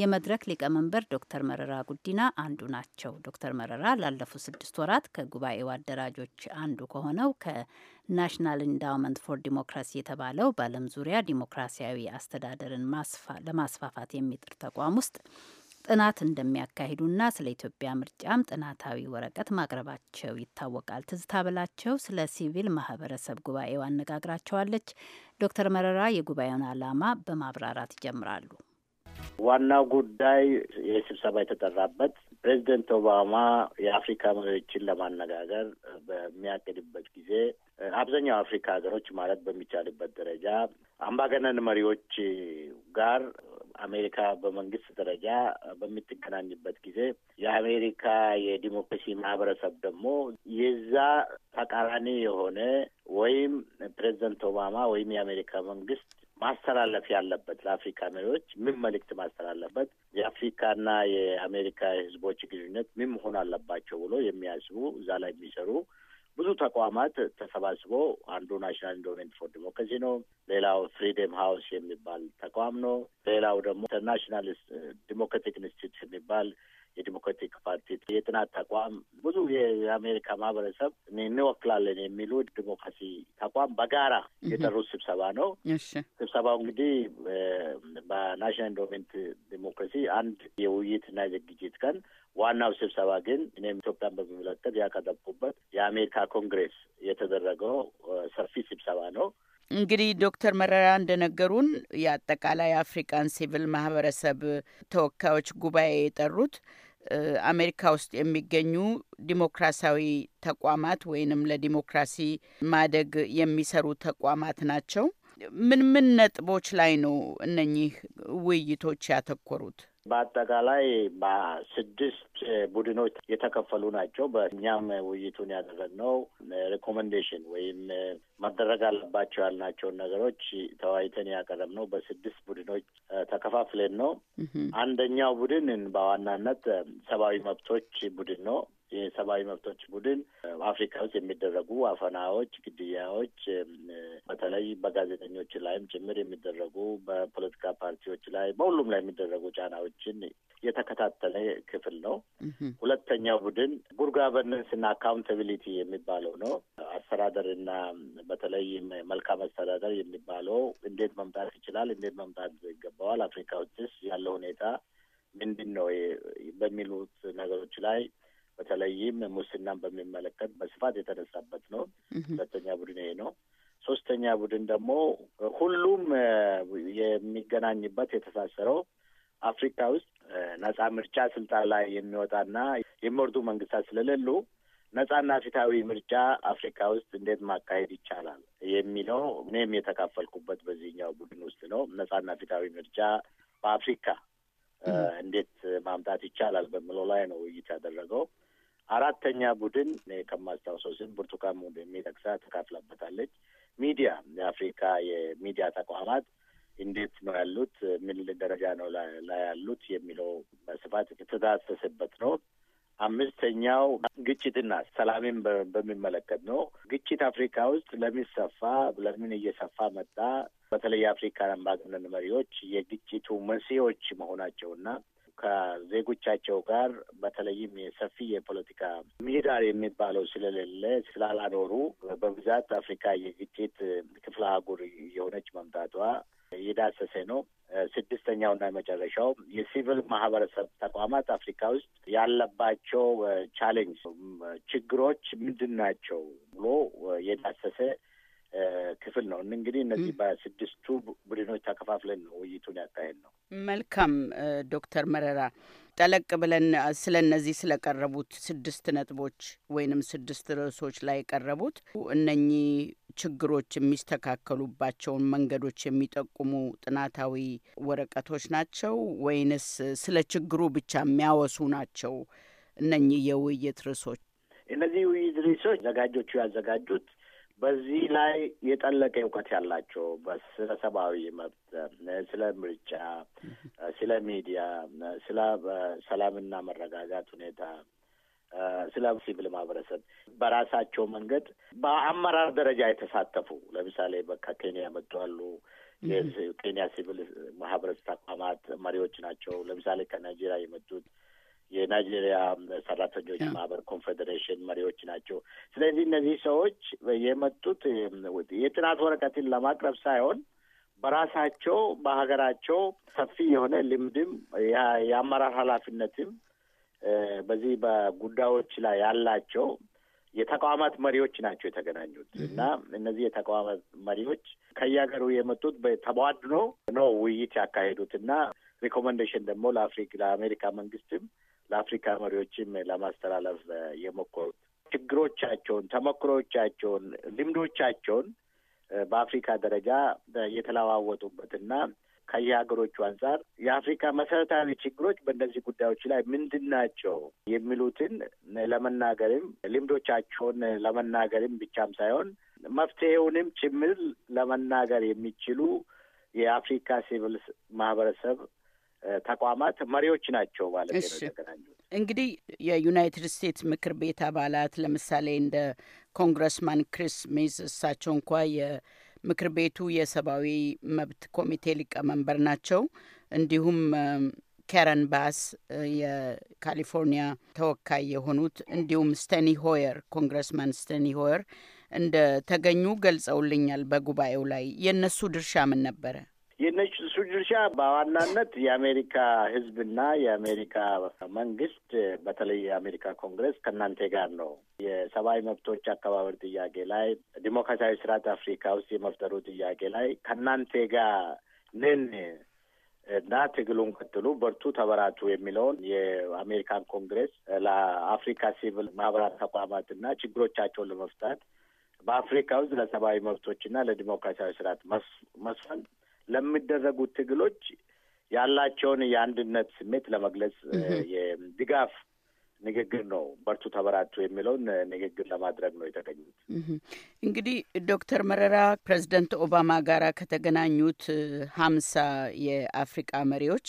የመድረክ ሊቀመንበር ዶክተር መረራ ጉዲና አንዱ ናቸው። ዶክተር መረራ ላለፉት ስድስት ወራት ከጉባኤው አደራጆች አንዱ ከሆነው ከናሽናል ኢንዳውመንት ፎር ዲሞክራሲ የተባለው በዓለም ዙሪያ ዲሞክራሲያዊ አስተዳደርን ለማስፋፋት የሚጥር ተቋም ውስጥ ጥናት እንደሚያካሂዱና ስለ ኢትዮጵያ ምርጫም ጥናታዊ ወረቀት ማቅረባቸው ይታወቃል። ትዝታ በላቸው ስለ ሲቪል ማህበረሰብ ጉባኤው አነጋግራቸዋለች። ዶክተር መረራ የጉባኤውን ዓላማ በማብራራት ይጀምራሉ። ዋናው ጉዳይ የስብሰባ የተጠራበት ፕሬዚደንት ኦባማ የአፍሪካ መሪዎችን ለማነጋገር በሚያቅድበት ጊዜ አብዛኛው አፍሪካ ሀገሮች ማለት በሚቻልበት ደረጃ አምባገነን መሪዎች ጋር አሜሪካ በመንግስት ደረጃ በምትገናኝበት ጊዜ የአሜሪካ የዲሞክራሲ ማህበረሰብ ደግሞ የዛ ተቃራኒ የሆነ ወይም ፕሬዚደንት ኦባማ ወይም የአሜሪካ መንግስት ማስተላለፍ ያለበት ለአፍሪካ መሪዎች ምን መልእክት ማስተላለፍበት የአፍሪካና የአሜሪካ ህዝቦች ግንኙነት ምን መሆን አለባቸው ብሎ የሚያስቡ እዛ ላይ የሚሰሩ ብዙ ተቋማት ተሰባስቦ አንዱ ናሽናል ኢንዶሜንት ፎር ዲሞክራሲ ነው። ሌላው ፍሪደም ሀውስ የሚባል ተቋም ነው። ሌላው ደግሞ ኢንተርናሽናል ዲሞክራቲክ ኢንስቲትዩት የሚባል የዲሞክራቲክ ፓርቲ የጥናት ተቋም ብዙ የአሜሪካ ማህበረሰብ እንወክላለን የሚሉ ዲሞክራሲ ተቋም በጋራ የጠሩት ስብሰባ ነው። ስብሰባው እንግዲህ በናሽናል ኢንዶሜንት ዲሞክራሲ አንድ የውይይትና የዝግጅት ቀን ዋናው ስብሰባ ግን እኔም ኢትዮጵያን በሚመለከት ያቀረብኩበት የአሜሪካ ኮንግሬስ የተደረገው ሰፊ ስብሰባ ነው። እንግዲህ ዶክተር መረራ እንደነገሩን የአጠቃላይ አፍሪካን ሲቪል ማህበረሰብ ተወካዮች ጉባኤ የጠሩት አሜሪካ ውስጥ የሚገኙ ዲሞክራሲያዊ ተቋማት ወይንም ለዲሞክራሲ ማደግ የሚሰሩ ተቋማት ናቸው። ምን ምን ነጥቦች ላይ ነው እነኚህ ውይይቶች ያተኮሩት? በአጠቃላይ በስድስት ቡድኖች የተከፈሉ ናቸው። በእኛም ውይይቱን ያደረግነው ሪኮመንዴሽን ወይም መደረግ አለባቸው ያልናቸውን ነገሮች ተወያይተን ያቀረብነው በስድስት ቡድኖች ተከፋፍለን ነው። አንደኛው ቡድን በዋናነት ሰብአዊ መብቶች ቡድን ነው። የሰብአዊ መብቶች ቡድን አፍሪካ ውስጥ የሚደረጉ አፈናዎች፣ ግድያዎች በተለይ በጋዜጠኞች ላይም ጭምር የሚደረጉ በፖለቲካ ፓርቲዎች ላይ በሁሉም ላይ የሚደረጉ ጫናዎችን የተከታተለ ክፍል ነው። ሁለተኛው ቡድን ጉድ ጋቨርነንስ እና አካውንታቢሊቲ የሚባለው ነው። አስተዳደርና በተለይ መልካም አስተዳደር የሚባለው እንዴት መምጣት ይችላል፣ እንዴት መምጣት ይገባዋል፣ አፍሪካ ውስጥስ ያለው ሁኔታ ምንድን ነው በሚሉት ነገሮች ላይ በተለይም ሙስናን በሚመለከት በስፋት የተነሳበት ነው። ሁለተኛ ቡድን ይሄ ነው። ሶስተኛ ቡድን ደግሞ ሁሉም የሚገናኝበት የተሳሰረው አፍሪካ ውስጥ ነጻ ምርጫ ስልጣን ላይ የሚወጣና የሚወርዱ መንግስታት ስለሌሉ ነጻና ፊታዊ ምርጫ አፍሪካ ውስጥ እንዴት ማካሄድ ይቻላል የሚለው እኔም የተካፈልኩበት በዚህኛው ቡድን ውስጥ ነው። ነጻና ፊታዊ ምርጫ በአፍሪካ እንዴት ማምጣት ይቻላል በሚለው ላይ ነው ውይይት ያደረገው። አራተኛ ቡድን ከማስታውሰው ስም ብርቱካን የሚጠቅሳ ተካፍላበታለች። ሚዲያ የአፍሪካ የሚዲያ ተቋማት እንዴት ነው ያሉት? ምን ደረጃ ነው ላይ ያሉት የሚለው በስፋት የተዳሰሰበት ነው። አምስተኛው ግጭትና ሰላምን በሚመለከት ነው። ግጭት አፍሪካ ውስጥ ለምን ሰፋ፣ ለምን እየሰፋ መጣ? በተለይ የአፍሪካን አምባገነን መሪዎች የግጭቱ መንስኤዎች መሆናቸውና ከዜጎቻቸው ጋር በተለይም የሰፊ የፖለቲካ ምህዳር የሚባለው ስለሌለ ስላላኖሩ በብዛት አፍሪካ የግጭት ክፍለ አህጉር የሆነች መምጣቷ የዳሰሰ ነው። ስድስተኛውና የመጨረሻው የሲቪል ማህበረሰብ ተቋማት አፍሪካ ውስጥ ያለባቸው ቻሌንጅ ችግሮች ምንድን ናቸው ብሎ የዳሰሰ ክፍል ነው። እንግዲህ እነዚህ በስድስቱ ቡድኖች ተከፋፍለን ነው ውይይቱን ያካሄድ ነው። መልካም ዶክተር መረራ ጠለቅ ብለን ስለ እነዚህ ስለቀረቡት ስድስት ነጥቦች ወይንም ስድስት ርዕሶች ላይ የቀረቡት እነኚህ ችግሮች የሚስተካከሉባቸውን መንገዶች የሚጠቁሙ ጥናታዊ ወረቀቶች ናቸው ወይንስ ስለ ችግሩ ብቻ የሚያወሱ ናቸው? እነኚህ የውይይት ርዕሶች እነዚህ ውይይት ርዕሶች ዘጋጆቹ ያዘጋጁት በዚህ ላይ የጠለቀ እውቀት ያላቸው ስለ ሰብአዊ መብት፣ ስለ ምርጫ፣ ስለ ሚዲያ፣ ስለ ሰላምና መረጋጋት ሁኔታ፣ ስለ ሲቪል ማህበረሰብ በራሳቸው መንገድ በአመራር ደረጃ የተሳተፉ ለምሳሌ ከኬንያ መጡ አሉ። የኬንያ ሲቪል ማህበረሰብ ተቋማት መሪዎች ናቸው። ለምሳሌ ከናይጄሪያ የመጡት የናይጄሪያ ሰራተኞች ማህበር ኮንፌዴሬሽን መሪዎች ናቸው። ስለዚህ እነዚህ ሰዎች የመጡት የጥናት ወረቀትን ለማቅረብ ሳይሆን በራሳቸው በሀገራቸው ሰፊ የሆነ ልምድም የአመራር ኃላፊነትም በዚህ በጉዳዮች ላይ ያላቸው የተቋማት መሪዎች ናቸው የተገናኙት እና እነዚህ የተቋማት መሪዎች ከየሀገሩ የመጡት ተቧድኖ ነው ውይይት ያካሄዱት እና ሪኮመንዴሽን ደግሞ ለአፍሪካ ለአሜሪካ መንግስትም ለአፍሪካ መሪዎችም ለማስተላለፍ የሞከሩት ችግሮቻቸውን፣ ተሞክሮቻቸውን፣ ልምዶቻቸውን በአፍሪካ ደረጃ የተለዋወጡበትና ከየሀገሮቹ አንጻር የአፍሪካ መሰረታዊ ችግሮች በእነዚህ ጉዳዮች ላይ ምንድን ናቸው የሚሉትን ለመናገርም ልምዶቻቸውን ለመናገርም ብቻም ሳይሆን መፍትሄውንም ጭምር ለመናገር የሚችሉ የአፍሪካ ሲቪል ማህበረሰብ ተቋማት መሪዎች ናቸው ማለት ነው እንግዲህ የዩናይትድ ስቴትስ ምክር ቤት አባላት ለምሳሌ እንደ ኮንግረስማን ክሪስ ሚዝ እሳቸው እንኳ የምክር ቤቱ የሰብአዊ መብት ኮሚቴ ሊቀመንበር ናቸው። እንዲሁም ካረን ባስ የካሊፎርኒያ ተወካይ የሆኑት እንዲሁም ስተኒ ሆየር ኮንግረስማን ስተኒ ሆየር እንደ ተገኙ ገልጸውልኛል በጉባኤው ላይ የእነሱ ድርሻ ምን ነበረ? የነጭ ድርሻ በዋናነት የአሜሪካ ህዝብና የአሜሪካ መንግስት በተለይ የአሜሪካ ኮንግረስ ከእናንተ ጋር ነው የሰብአዊ መብቶች አከባበር ጥያቄ ላይ ዲሞክራሲያዊ ስርዓት አፍሪካ ውስጥ የመፍጠሩ ጥያቄ ላይ ከእናንተ ጋር ነን እና ትግሉን ቀጥሉ፣ በርቱ፣ ተበራቱ የሚለውን የአሜሪካን ኮንግረስ ለአፍሪካ ሲቪል ማህበራት ተቋማትና ችግሮቻቸውን ለመፍታት በአፍሪካ ውስጥ ለሰብአዊ መብቶችና ለዲሞክራሲያዊ ስርዓት መስፈን ለሚደረጉት ትግሎች ያላቸውን የአንድነት ስሜት ለመግለጽ hm. የድጋፍ ንግግር ነው። በርቱ ተበራቱ የሚለውን ንግግር ለማድረግ ነው የተገኙት። hm. እንግዲህ ዶክተር መረራ ፕሬዚደንት ኦባማ ጋር ከተገናኙት ሀምሳ የአፍሪቃ መሪዎች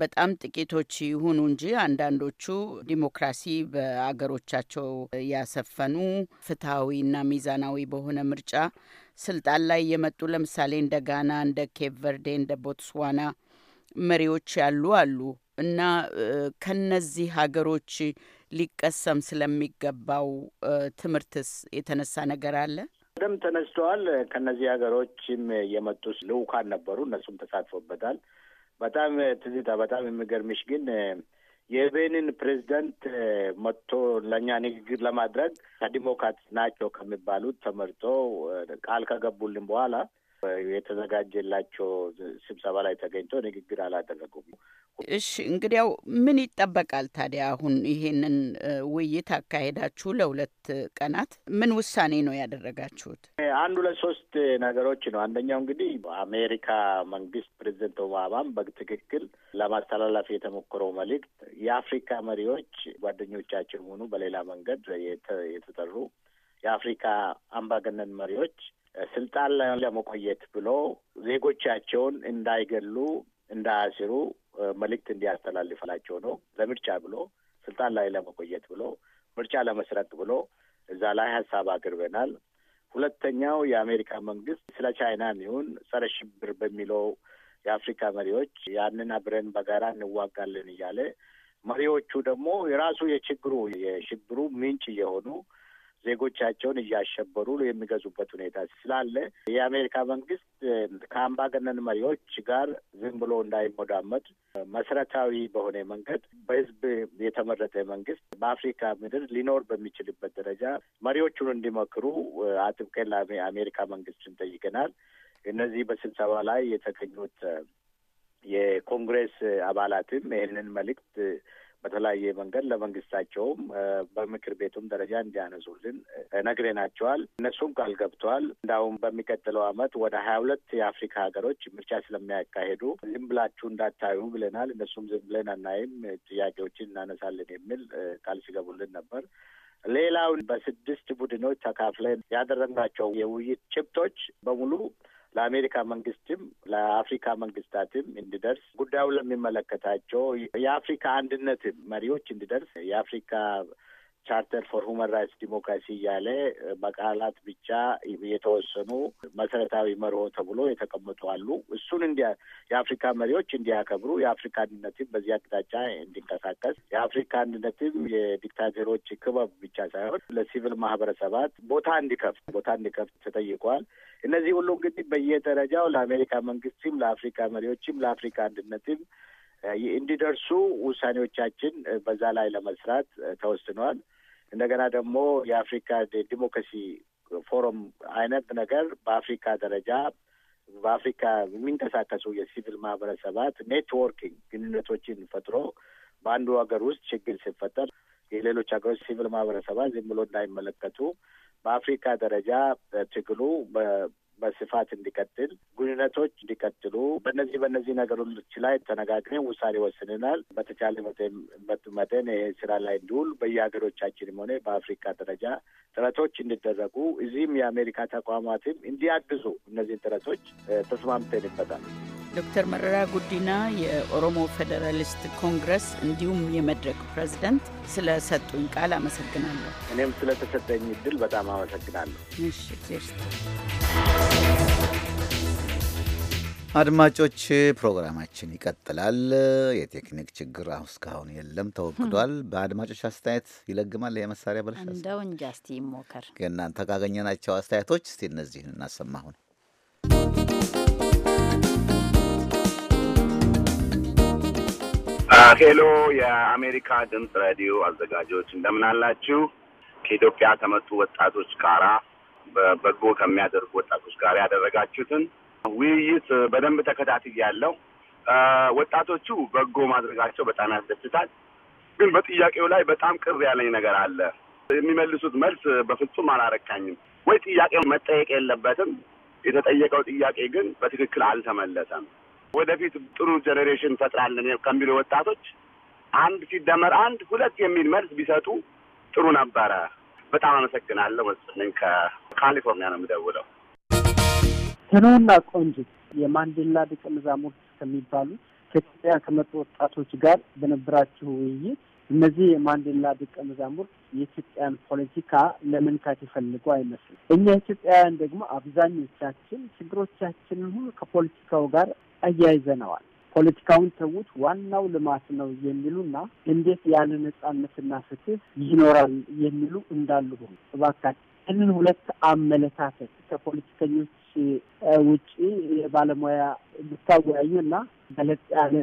በጣም ጥቂቶች ይሁኑ እንጂ አንዳንዶቹ ዲሞክራሲ በአገሮቻቸው ያሰፈኑ ፍትሐዊና ሚዛናዊ በሆነ ምርጫ ስልጣን ላይ የመጡ ለምሳሌ እንደ ጋና፣ እንደ ኬፕ ቨርዴ፣ እንደ ቦትስዋና መሪዎች ያሉ አሉ እና ከነዚህ ሀገሮች ሊቀሰም ስለሚገባው ትምህርትስ የተነሳ ነገር አለ? ደም ተነስተዋል። ከነዚህ ሀገሮችም የመጡ ልዑካን ነበሩ። እነሱም ተሳትፎበታል። በጣም ትዝታ፣ በጣም የሚገርምሽ ግን የቤኒን ፕሬዚደንት መጥቶ ለእኛ ንግግር ለማድረግ ከዲሞክራት ናቸው ከሚባሉት ተመርጦ ቃል ከገቡልን በኋላ የተዘጋጀላቸው ስብሰባ ላይ ተገኝተው ንግግር አላደረጉም። እሺ እንግዲያው ምን ይጠበቃል ታዲያ? አሁን ይሄንን ውይይት አካሄዳችሁ ለሁለት ቀናት ምን ውሳኔ ነው ያደረጋችሁት? አንዱ ለሶስት ነገሮች ነው። አንደኛው እንግዲህ አሜሪካ መንግስት ፕሬዚደንት ኦባማም በትክክል ለማስተላለፍ የተሞከረው መልእክት የአፍሪካ መሪዎች ጓደኞቻችን ሆኑ በሌላ መንገድ የተጠሩ የአፍሪካ አምባገነን መሪዎች ስልጣን ለመቆየት ብሎ ዜጎቻቸውን እንዳይገሉ፣ እንዳያስሩ መልእክት እንዲያስተላልፈላቸው ነው። ለምርጫ ብሎ ስልጣን ላይ ለመቆየት ብሎ ምርጫ ለመስረቅ ብሎ እዛ ላይ ሀሳብ አቅርበናል። ሁለተኛው የአሜሪካ መንግስት ስለ ቻይና ይሁን ጸረ ሽብር በሚለው የአፍሪካ መሪዎች ያንን አብረን በጋራ እንዋጋለን እያለ መሪዎቹ ደግሞ የራሱ የችግሩ የሽብሩ ምንጭ እየሆኑ ዜጎቻቸውን እያሸበሩ የሚገዙበት ሁኔታ ስላለ የአሜሪካ መንግስት ከአምባገነን መሪዎች ጋር ዝም ብሎ እንዳይሞዳመድ መሰረታዊ በሆነ መንገድ በህዝብ የተመረጠ መንግስት በአፍሪካ ምድር ሊኖር በሚችልበት ደረጃ መሪዎቹን እንዲመክሩ አጥብቀን ለአሜሪካ መንግስትን ጠይቀናል። እነዚህ በስብሰባ ላይ የተገኙት የኮንግሬስ አባላትም ይህንን መልእክት በተለያየ መንገድ ለመንግስታቸውም በምክር ቤቱም ደረጃ እንዲያነሱልን ነግሬናቸዋል። እነሱም ቃል ገብተዋል። እንዳውም በሚቀጥለው አመት ወደ ሀያ ሁለት የአፍሪካ ሀገሮች ምርጫ ስለሚያካሄዱ ዝም ብላችሁ እንዳታዩ ብለናል። እነሱም ዝም ብለን አናይም፣ ጥያቄዎችን እናነሳለን የሚል ቃል ሲገቡልን ነበር። ሌላውን በስድስት ቡድኖች ተካፍለን ያደረግናቸው የውይይት ጭብጦች በሙሉ ለአሜሪካ መንግስትም ለአፍሪካ መንግስታትም እንዲደርስ ጉዳዩ ለሚመለከታቸው የአፍሪካ አንድነት መሪዎች እንዲደርስ የአፍሪካ ቻርተር ፎር ሁማን ራይትስ ዲሞክራሲ እያለ በቃላት ብቻ የተወሰኑ መሰረታዊ መርሆ ተብሎ የተቀመጡ አሉ። እሱን እንዲ የአፍሪካ መሪዎች እንዲያከብሩ የአፍሪካ አንድነትም በዚህ አቅጣጫ እንዲንቀሳቀስ የአፍሪካ አንድነትም የዲክታተሮች ክበብ ብቻ ሳይሆን ለሲቪል ማህበረሰባት ቦታ እንዲከፍት ቦታ እንዲከፍት ተጠይቋል። እነዚህ ሁሉ እንግዲህ በየደረጃው ለአሜሪካ መንግስትም፣ ለአፍሪካ መሪዎችም፣ ለአፍሪካ አንድነትም እንዲደርሱ ውሳኔዎቻችን በዛ ላይ ለመስራት ተወስነዋል። እንደገና ደግሞ የአፍሪካ ዲሞክራሲ ፎረም አይነት ነገር በአፍሪካ ደረጃ በአፍሪካ የሚንቀሳቀሱ የሲቪል ማህበረሰባት ኔትወርኪንግ ግንኙነቶችን ፈጥሮ በአንዱ ሀገር ውስጥ ችግር ሲፈጠር የሌሎች ሀገሮች ሲቪል ማህበረሰባት ዝም ብሎ እንዳይመለከቱ በአፍሪካ ደረጃ ትግሉ በስፋት እንዲቀጥል ግንኙነቶች እንዲቀጥሉ በነዚህ በነዚህ ነገሮች ላይ ተነጋግረን ውሳኔ ወስንናል። በተቻለ መጠን ይሄ ስራ ላይ እንዲውል በየሀገሮቻችንም ሆነ በአፍሪካ ደረጃ ጥረቶች እንዲደረጉ እዚህም የአሜሪካ ተቋማትም እንዲያግዙ እነዚህን ጥረቶች ተስማምተንበታል። ዶክተር መረራ ጉዲና የኦሮሞ ፌዴራሊስት ኮንግረስ እንዲሁም የመድረክ ፕሬዚደንት ስለሰጡኝ ቃል አመሰግናለሁ። እኔም ስለተሰጠኝ እድል በጣም አመሰግናለሁ። አድማጮች ፕሮግራማችን ይቀጥላል። የቴክኒክ ችግር አሁን እስካሁን የለም ተወግዷል። በአድማጮች አስተያየት ይለግማል። የመሳሪያ በለሻ እንደው እንጃ እስቲ ይሞከር። እናንተ ካገኘናቸው አስተያየቶች እስቲ እነዚህን እናሰማሁን ሄሎ የአሜሪካ ድምፅ ሬዲዮ አዘጋጆች እንደምን አላችሁ? ከኢትዮጵያ ከመጡ ወጣቶች ጋራ በበጎ ከሚያደርጉ ወጣቶች ጋር ያደረጋችሁትን ውይይት በደንብ ተከታትያለሁ። ወጣቶቹ በጎ ማድረጋቸው በጣም ያስደስታል። ግን በጥያቄው ላይ በጣም ቅር ያለኝ ነገር አለ። የሚመልሱት መልስ በፍጹም አላረካኝም። ወይ ጥያቄው መጠየቅ የለበትም የተጠየቀው ጥያቄ ግን በትክክል አልተመለሰም። ወደፊት ጥሩ ጀኔሬሽን ፈጥራለን ከሚሉ ወጣቶች አንድ ሲደመር አንድ ሁለት የሚል መልስ ቢሰጡ ጥሩ ነበረ። በጣም አመሰግናለሁ። መስፍንን ከካሊፎርኒያ ነው የምደውለው። ትኑና ቆንጅት የማንዴላ ደቀ መዛሙርት ከሚባሉት ከኢትዮጵያ ከመጡ ወጣቶች ጋር በነበራችሁ ውይይት እነዚህ የማንዴላ ደቀ መዛሙርት የኢትዮጵያን ፖለቲካ ለመንካት የፈልጉ አይመስልም። እኛ ኢትዮጵያውያን ደግሞ አብዛኞቻችን ችግሮቻችንን ሁሉ ከፖለቲካው ጋር አያይዘነዋል። ፖለቲካውን ተዉት፣ ዋናው ልማት ነው የሚሉና እንዴት ያለ ነጻነትና ፍትህ ይኖራል የሚሉ እንዳሉ ሆኑ። እባካችሁ ይህንን ሁለት አመለካከት ከፖለቲከኞች ውጪ የባለሙያ ብታወያዩ እና በለጥ ያለ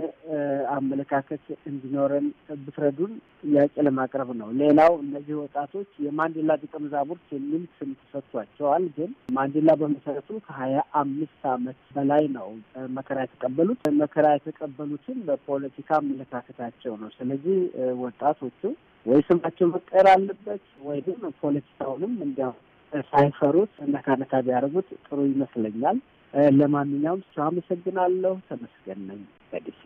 አመለካከት እንዲኖረን ብትረዱን ጥያቄ ለማቅረብ ነው። ሌላው እነዚህ ወጣቶች የማንዴላ ደቀ መዛሙርት የሚል ስም ተሰጥቷቸዋል። ግን ማንዴላ በመሰረቱ ከሀያ አምስት አመት በላይ ነው መከራ የተቀበሉት። መከራ የተቀበሉትም በፖለቲካ አመለካከታቸው ነው። ስለዚህ ወጣቶቹ ወይ ስማቸው መቀየር አለበት ወይም ፖለቲካውንም እንዲያው ሳይፈሩት ነካነካ ቢያደርጉት ጥሩ ይመስለኛል። ለማንኛውም ሰው አመሰግናለሁ። ተመስገን ነኝ ከዲሲ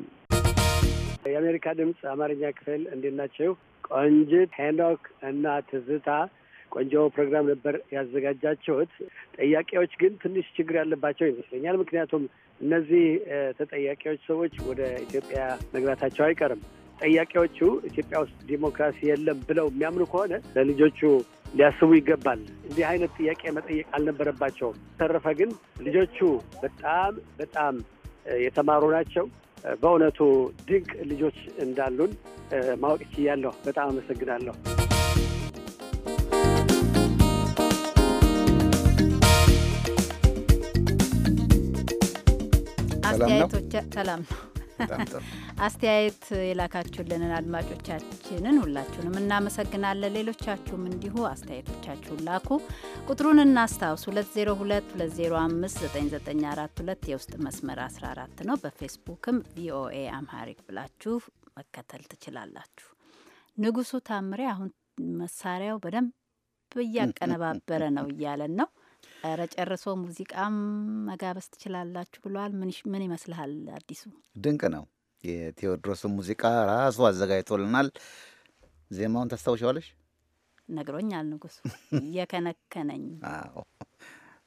የአሜሪካ ድምፅ አማርኛ ክፍል እንዴት ናቸው? ቆንጅት፣ ሄኖክ እና ትዝታ ቆንጆ ፕሮግራም ነበር ያዘጋጃችሁት። ጠያቂዎች ግን ትንሽ ችግር ያለባቸው ይመስለኛል። ምክንያቱም እነዚህ ተጠያቂዎች ሰዎች ወደ ኢትዮጵያ መግባታቸው አይቀርም። ጠያቂዎቹ ኢትዮጵያ ውስጥ ዲሞክራሲ የለም ብለው የሚያምኑ ከሆነ ለልጆቹ ሊያስቡ ይገባል። እንዲህ አይነት ጥያቄ መጠየቅ አልነበረባቸውም። ተረፈ ግን ልጆቹ በጣም በጣም የተማሩ ናቸው። በእውነቱ ድንቅ ልጆች እንዳሉን ማወቅ ችያለሁ። በጣም አመሰግናለሁ። ሰላም ነው። አስተያየት የላካችሁልንን አድማጮቻችንን ሁላችሁንም እናመሰግናለን። ሌሎቻችሁም እንዲሁ አስተያየቶቻችሁን ላኩ። ቁጥሩን እናስታውስ፣ 2022059942 የውስጥ መስመር 14 ነው። በፌስቡክም ቪኦኤ አምሃሪክ ብላችሁ መከተል ትችላላችሁ። ንጉሱ ታምሬ አሁን መሳሪያው በደንብ እያቀነባበረ ነው እያለን ነው ኧረ ጨርሶ ሙዚቃም መጋበዝ ትችላላችሁ ብለዋል። ምን ይመስልሃል አዲሱ? ድንቅ ነው። የቴዎድሮስን ሙዚቃ ራሱ አዘጋጅቶልናል። ዜማውን ታስታውሻዋለሽ? ነግሮኛል ንጉሱ እየከነከነኝ። አዎ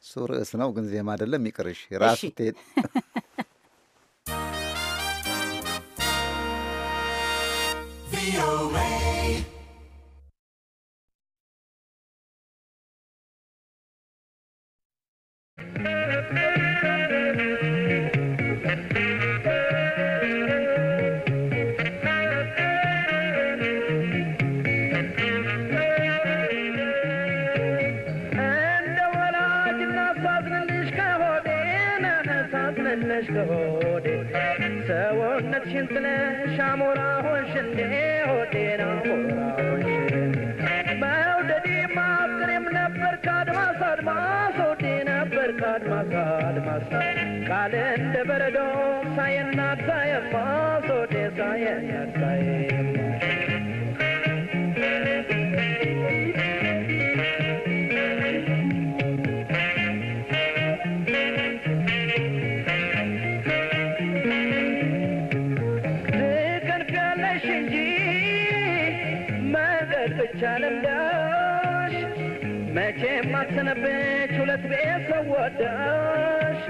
እሱ ርዕስ ነው ግን ዜማ አይደለም። ይቅርሽ ራሱ ቴ ሆዴ ሰውነትሽን ጥለሽ አሞራ ሆንሽ እንዴ ሆዴን አሞራ ሆንሽ መውደዴም ማፍቅሬም ነበር አድማስ ሆዴ ነበር አድማስ ቃል እንደ በረዶ ሆዴ ወዳሽ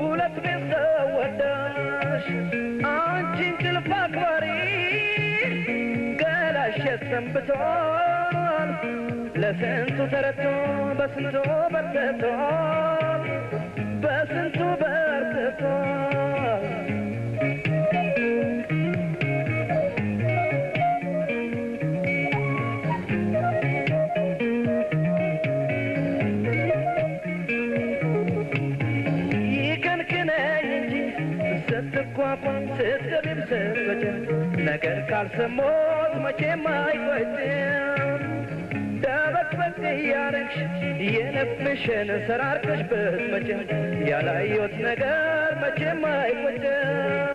ሁለት ቤት ወዳሽ አንቺ እንቅልፍ አክባሪ ገላሽ ሰንብቷል ለስንቱ ተረቶ በስንቱ በርትቷል በስንቱ በርትቷል ስትቋቋም ስትገቢም ስትወጪም ነገር ካልሰሞት መቼም አይቆይም። ደበቅበቅ እያረግሽ የነፍስሽን ሰራርተሽ ብትመጪም ያላየሁት ነገር መቼም አይቆይም።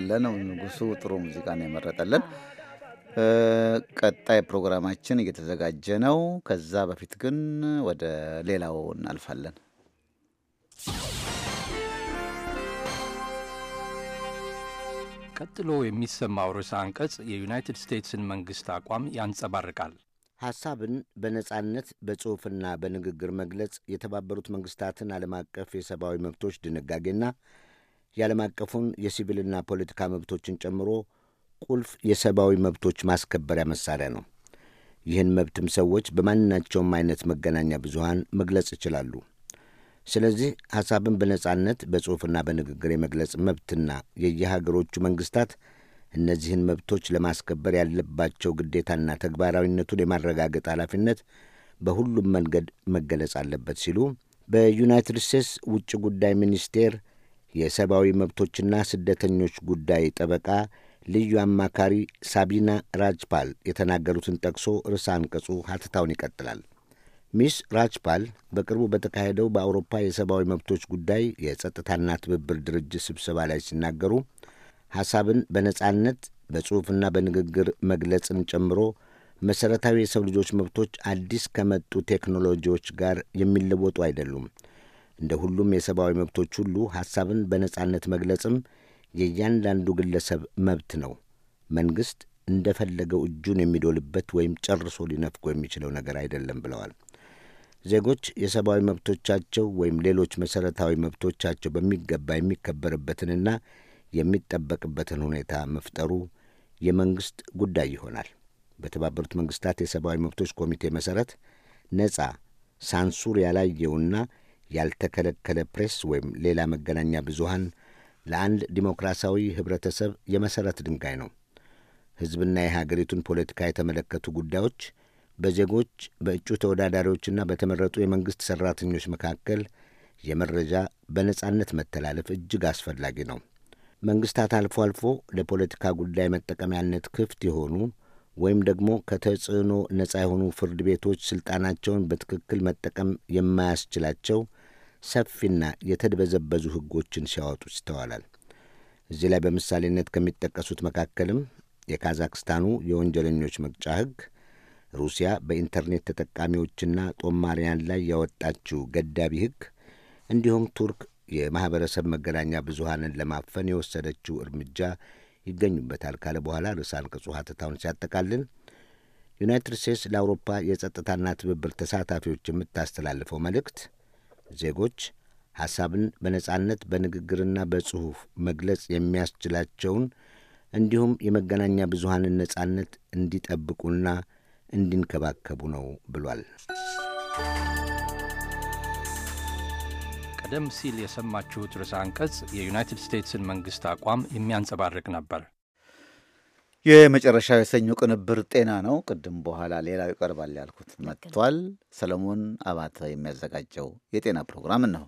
እናመሰግናለን። ንጉሱ ጥሩ ሙዚቃ ነው የመረጠልን። ቀጣይ ፕሮግራማችን እየተዘጋጀ ነው። ከዛ በፊት ግን ወደ ሌላው እናልፋለን። ቀጥሎ የሚሰማው ርዕሰ አንቀጽ የዩናይትድ ስቴትስን መንግሥት አቋም ያንጸባርቃል። ሐሳብን በነጻነት በጽሑፍና በንግግር መግለጽ የተባበሩት መንግሥታትን ዓለም አቀፍ የሰብአዊ መብቶች ድንጋጌና የዓለም አቀፉን የሲቪልና ፖለቲካ መብቶችን ጨምሮ ቁልፍ የሰብአዊ መብቶች ማስከበሪያ መሳሪያ ነው። ይህን መብትም ሰዎች በማናቸውም አይነት መገናኛ ብዙሃን መግለጽ ይችላሉ። ስለዚህ ሐሳብን በነጻነት በጽሑፍና በንግግር የመግለጽ መብትና የየሀገሮቹ መንግስታት እነዚህን መብቶች ለማስከበር ያለባቸው ግዴታና ተግባራዊነቱን የማረጋገጥ ኃላፊነት በሁሉም መንገድ መገለጽ አለበት ሲሉ በዩናይትድ ስቴትስ ውጭ ጉዳይ ሚኒስቴር የሰብአዊ መብቶችና ስደተኞች ጉዳይ ጠበቃ ልዩ አማካሪ ሳቢና ራጅፓል የተናገሩትን ጠቅሶ ርዕሰ አንቀጹ ሀተታውን ይቀጥላል። ሚስ ራጅፓል በቅርቡ በተካሄደው በአውሮፓ የሰብአዊ መብቶች ጉዳይ የጸጥታና ትብብር ድርጅት ስብሰባ ላይ ሲናገሩ ሐሳብን በነጻነት በጽሑፍና በንግግር መግለጽን ጨምሮ መሠረታዊ የሰው ልጆች መብቶች አዲስ ከመጡ ቴክኖሎጂዎች ጋር የሚለወጡ አይደሉም። እንደ ሁሉም የሰብአዊ መብቶች ሁሉ ሐሳብን በነጻነት መግለጽም የእያንዳንዱ ግለሰብ መብት ነው። መንግሥት እንደፈለገው እጁን የሚዶልበት ወይም ጨርሶ ሊነፍቆ የሚችለው ነገር አይደለም ብለዋል። ዜጎች የሰብአዊ መብቶቻቸው ወይም ሌሎች መሠረታዊ መብቶቻቸው በሚገባ የሚከበርበትንና የሚጠበቅበትን ሁኔታ መፍጠሩ የመንግሥት ጉዳይ ይሆናል። በተባበሩት መንግሥታት የሰብአዊ መብቶች ኮሚቴ መሠረት ነጻ ሳንሱር ያላየውና ያልተከለከለ ፕሬስ ወይም ሌላ መገናኛ ብዙሃን ለአንድ ዲሞክራሲያዊ ህብረተሰብ የመሠረት ድንጋይ ነው። ሕዝብና የሀገሪቱን ፖለቲካ የተመለከቱ ጉዳዮች በዜጎች በእጩ ተወዳዳሪዎችና በተመረጡ የመንግሥት ሠራተኞች መካከል የመረጃ በነጻነት መተላለፍ እጅግ አስፈላጊ ነው። መንግስታት አልፎ አልፎ ለፖለቲካ ጉዳይ መጠቀሚያነት ክፍት የሆኑ ወይም ደግሞ ከተጽዕኖ ነጻ የሆኑ ፍርድ ቤቶች ስልጣናቸውን በትክክል መጠቀም የማያስችላቸው ሰፊና የተድበዘበዙ ሕጎችን ሲያወጡ ይስተዋላል። እዚህ ላይ በምሳሌነት ከሚጠቀሱት መካከልም የካዛክስታኑ የወንጀለኞች መቅጫ ሕግ፣ ሩሲያ በኢንተርኔት ተጠቃሚዎችና ጦማሪያን ላይ ያወጣችው ገዳቢ ሕግ እንዲሁም ቱርክ የማኅበረሰብ መገናኛ ብዙሃንን ለማፈን የወሰደችው እርምጃ ይገኙበታል ካለ በኋላ ርዕሰ አንቀጹ ሀተታውን ሲያጠቃልል ዩናይትድ ስቴትስ ለአውሮፓ የጸጥታና ትብብር ተሳታፊዎች የምታስተላልፈው መልእክት ዜጎች ሐሳብን በነጻነት በንግግርና በጽሑፍ መግለጽ የሚያስችላቸውን እንዲሁም የመገናኛ ብዙሃንን ነጻነት እንዲጠብቁና እንዲንከባከቡ ነው ብሏል። ቀደም ሲል የሰማችሁት ርዕሰ አንቀጽ የዩናይትድ ስቴትስን መንግሥት አቋም የሚያንጸባርቅ ነበር። የመጨረሻው የሰኞ ቅንብር ጤና ነው። ቅድም በኋላ ሌላው ይቀርባል ያልኩት መጥቷል። ሰለሞን አባተ የሚያዘጋጀው የጤና ፕሮግራም ነው።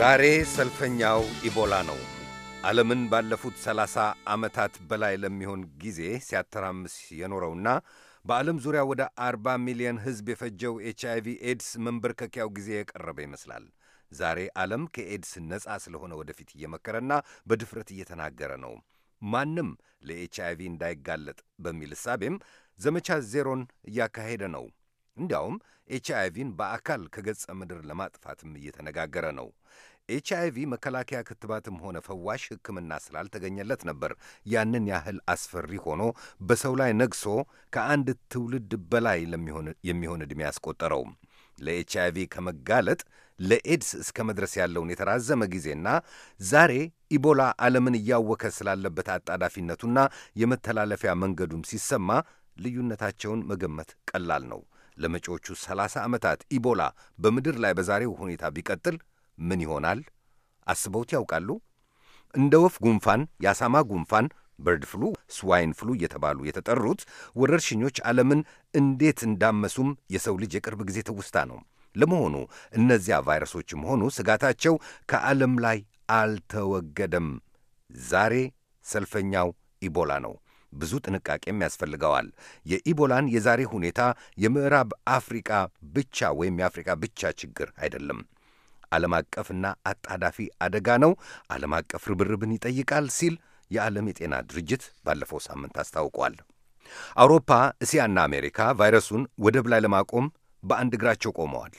ዛሬ ሰልፈኛው ኢቦላ ነው። ዓለምን ባለፉት ሰላሳ ዓመታት በላይ ለሚሆን ጊዜ ሲያተራምስ የኖረውና በዓለም ዙሪያ ወደ 40 ሚሊዮን ሕዝብ የፈጀው ኤች አይቪ ኤድስ መንበርከኪያው ጊዜ የቀረበ ይመስላል። ዛሬ ዓለም ከኤድስ ነፃ ስለሆነ ወደፊት እየመከረና በድፍረት እየተናገረ ነው። ማንም ለኤች አይቪ እንዳይጋለጥ በሚል እሳቤም ዘመቻ ዜሮን እያካሄደ ነው። እንዲያውም ኤች አይቪን በአካል ከገጸ ምድር ለማጥፋትም እየተነጋገረ ነው። ኤች አይቪ መከላከያ ክትባትም ሆነ ፈዋሽ ሕክምና ስላልተገኘለት ነበር ያንን ያህል አስፈሪ ሆኖ በሰው ላይ ነግሶ ከአንድ ትውልድ በላይ የሚሆን ዕድሜ ያስቆጠረው። ለኤች አይቪ ከመጋለጥ ለኤድስ እስከ መድረስ ያለውን የተራዘመ ጊዜና ዛሬ ኢቦላ ዓለምን እያወከ ስላለበት አጣዳፊነቱና የመተላለፊያ መንገዱም ሲሰማ ልዩነታቸውን መገመት ቀላል ነው። ለመጪዎቹ 30 ዓመታት ኢቦላ በምድር ላይ በዛሬው ሁኔታ ቢቀጥል ምን ይሆናል? አስበውት ያውቃሉ? እንደ ወፍ ጉንፋን፣ የአሳማ ጉንፋን፣ በርድ ፍሉ፣ ስዋይን ፍሉ እየተባሉ የተጠሩት ወረርሽኞች ዓለምን እንዴት እንዳመሱም የሰው ልጅ የቅርብ ጊዜ ትውስታ ነው። ለመሆኑ እነዚያ ቫይረሶችም ሆኑ ስጋታቸው ከዓለም ላይ አልተወገደም። ዛሬ ሰልፈኛው ኢቦላ ነው። ብዙ ጥንቃቄም ያስፈልገዋል። የኢቦላን የዛሬ ሁኔታ የምዕራብ አፍሪቃ ብቻ ወይም የአፍሪቃ ብቻ ችግር አይደለም። ዓለም አቀፍና አጣዳፊ አደጋ ነው፣ ዓለም አቀፍ ርብርብን ይጠይቃል ሲል የዓለም የጤና ድርጅት ባለፈው ሳምንት አስታውቋል። አውሮፓ፣ እስያና አሜሪካ ቫይረሱን ወደብ ላይ ለማቆም በአንድ እግራቸው ቆመዋል።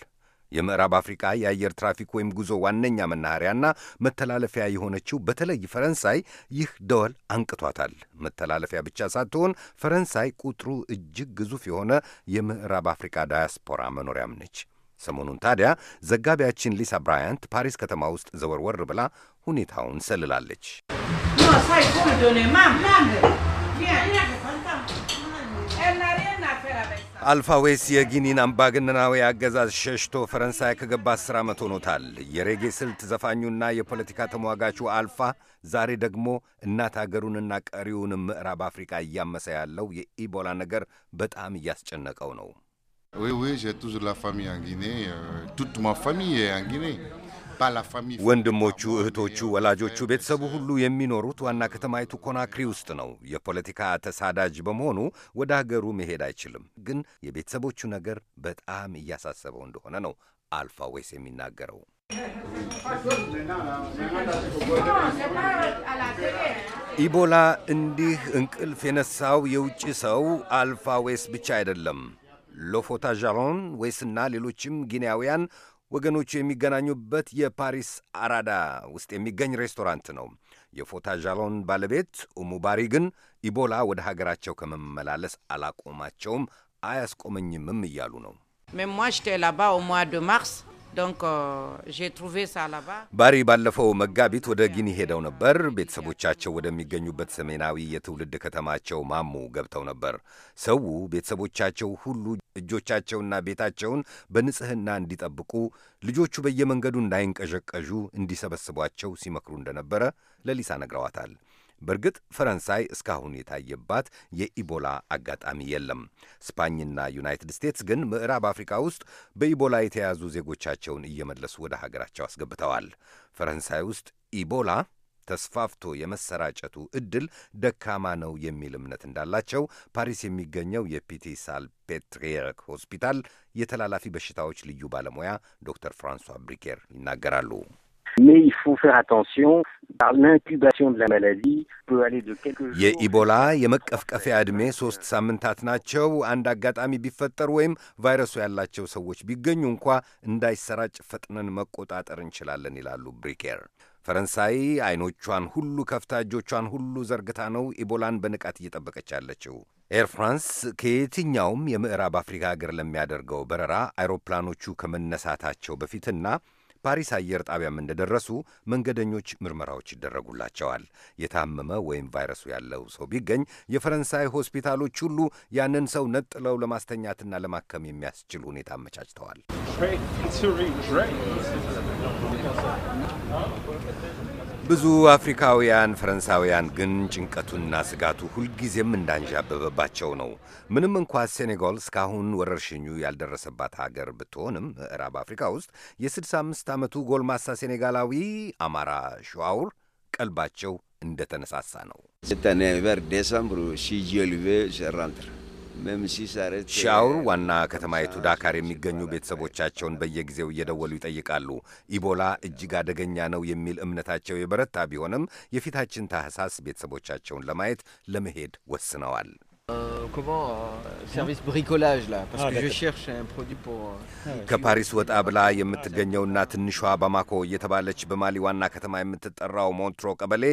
የምዕራብ አፍሪካ የአየር ትራፊክ ወይም ጉዞ ዋነኛ መናኸሪያና መተላለፊያ የሆነችው በተለይ ፈረንሳይ ይህ ደወል አንቅቷታል። መተላለፊያ ብቻ ሳትሆን ፈረንሳይ ቁጥሩ እጅግ ግዙፍ የሆነ የምዕራብ አፍሪካ ዳያስፖራ መኖሪያም ነች። ሰሞኑን ታዲያ ዘጋቢያችን ሊሳ ብራያንት ፓሪስ ከተማ ውስጥ ዘወርወር ብላ ሁኔታውን ሰልላለች። አልፋዌስ የጊኒን አምባገነናዊ አገዛዝ ሸሽቶ ፈረንሳይ ከገባ አስር ዓመት ሆኖታል። የሬጌ ስልት ዘፋኙና የፖለቲካ ተሟጋቹ አልፋ ዛሬ ደግሞ እናት አገሩንና ቀሪውን ምዕራብ አፍሪካ እያመሰ ያለው የኢቦላ ነገር በጣም እያስጨነቀው ነው። ወንድሞቹ፣ እህቶቹ፣ ወላጆቹ፣ ቤተሰቡ ሁሉ የሚኖሩት ዋና ከተማይቱ ኮናክሪ ውስጥ ነው። የፖለቲካ ተሳዳጅ በመሆኑ ወደ ሀገሩ መሄድ አይችልም። ግን የቤተሰቦቹ ነገር በጣም እያሳሰበው እንደሆነ ነው አልፋ ወይስ የሚናገረው። ኢቦላ እንዲህ እንቅልፍ የነሳው የውጭ ሰው አልፋ ወይስ ብቻ አይደለም። ሎፎታ ዣሮን ወይስና ሌሎችም ጊኒያውያን ወገኖቹ የሚገናኙበት የፓሪስ አራዳ ውስጥ የሚገኝ ሬስቶራንት ነው። የፎታ ዣሎን ባለቤት ኡሙባሪ ግን ኢቦላ ወደ ሀገራቸው ከመመላለስ አላቆማቸውም፣ አያስቆመኝምም እያሉ ነው። ሜ ላባ ኦ ደ ማርስ Euh, ባሪ ባለፈው መጋቢት ወደ ጊኒ ሄደው ነበር። ቤተሰቦቻቸው ወደሚገኙበት ሰሜናዊ የትውልድ ከተማቸው ማሙ ገብተው ነበር። ሰው ቤተሰቦቻቸው ሁሉ እጆቻቸውና ቤታቸውን በንጽህና እንዲጠብቁ፣ ልጆቹ በየመንገዱ እንዳይንቀዠቀዡ እንዲሰበስቧቸው ሲመክሩ እንደነበረ ለሊሳ ነግረዋታል። በእርግጥ ፈረንሳይ እስካሁን የታየባት የኢቦላ አጋጣሚ የለም። ስፓኝና ዩናይትድ ስቴትስ ግን ምዕራብ አፍሪካ ውስጥ በኢቦላ የተያዙ ዜጎቻቸውን እየመለሱ ወደ ሀገራቸው አስገብተዋል። ፈረንሳይ ውስጥ ኢቦላ ተስፋፍቶ የመሰራጨቱ እድል ደካማ ነው የሚል እምነት እንዳላቸው ፓሪስ የሚገኘው የፒቲ ሳልፔትሪየር ሆስፒታል የተላላፊ በሽታዎች ልዩ ባለሙያ ዶክተር ፍራንሷ ብሪኬር ይናገራሉ። Mais il faut faire attention par l'incubation de la maladie peut aller de quelques jours. የኢቦላ የመቀፍቀፊያ እድሜ ሶስት ሳምንታት ናቸው። አንድ አጋጣሚ ቢፈጠር ወይም ቫይረሱ ያላቸው ሰዎች ቢገኙ እንኳ እንዳይሰራጭ ፈጥነን መቆጣጠር እንችላለን ይላሉ ብሪኬር። ፈረንሳይ አይኖቿን ሁሉ ከፍታ እጆቿን ሁሉ ዘርግታ ነው ኢቦላን በንቃት እየጠበቀች ያለችው። ኤር ፍራንስ ከየትኛውም የምዕራብ አፍሪካ ሀገር ለሚያደርገው በረራ አይሮፕላኖቹ ከመነሳታቸው በፊትና ፓሪስ አየር ጣቢያም እንደደረሱ መንገደኞች ምርመራዎች ይደረጉላቸዋል። የታመመ ወይም ቫይረሱ ያለው ሰው ቢገኝ የፈረንሳይ ሆስፒታሎች ሁሉ ያንን ሰው ነጥለው ለማስተኛትና ለማከም የሚያስችል ሁኔታ አመቻችተዋል። ብዙ አፍሪካውያን ፈረንሳውያን ግን ጭንቀቱና ስጋቱ ሁልጊዜም እንዳንዣበበባቸው ነው። ምንም እንኳ ሴኔጋል እስካሁን ወረርሽኙ ያልደረሰባት ሀገር ብትሆንም ምዕራብ አፍሪካ ውስጥ የ65 ዓመቱ ጎልማሳ ሴኔጋላዊ አማራ ሸዋውር ቀልባቸው እንደተነሳሳ ነው። ሻውር ዋና ከተማይቱ ዳካር የሚገኙ ቤተሰቦቻቸውን በየጊዜው እየደወሉ ይጠይቃሉ። ኢቦላ እጅግ አደገኛ ነው የሚል እምነታቸው የበረታ ቢሆንም የፊታችን ታህሳስ ቤተሰቦቻቸውን ለማየት ለመሄድ ወስነዋል። Euh, euh, ah, euh, ah, ከፓሪስ ወጣ ብላ የምትገኘውና ትንሿ ባማኮ እየተባለች በማሊ ዋና ከተማ የምትጠራው ሞንትሮ ቀበሌ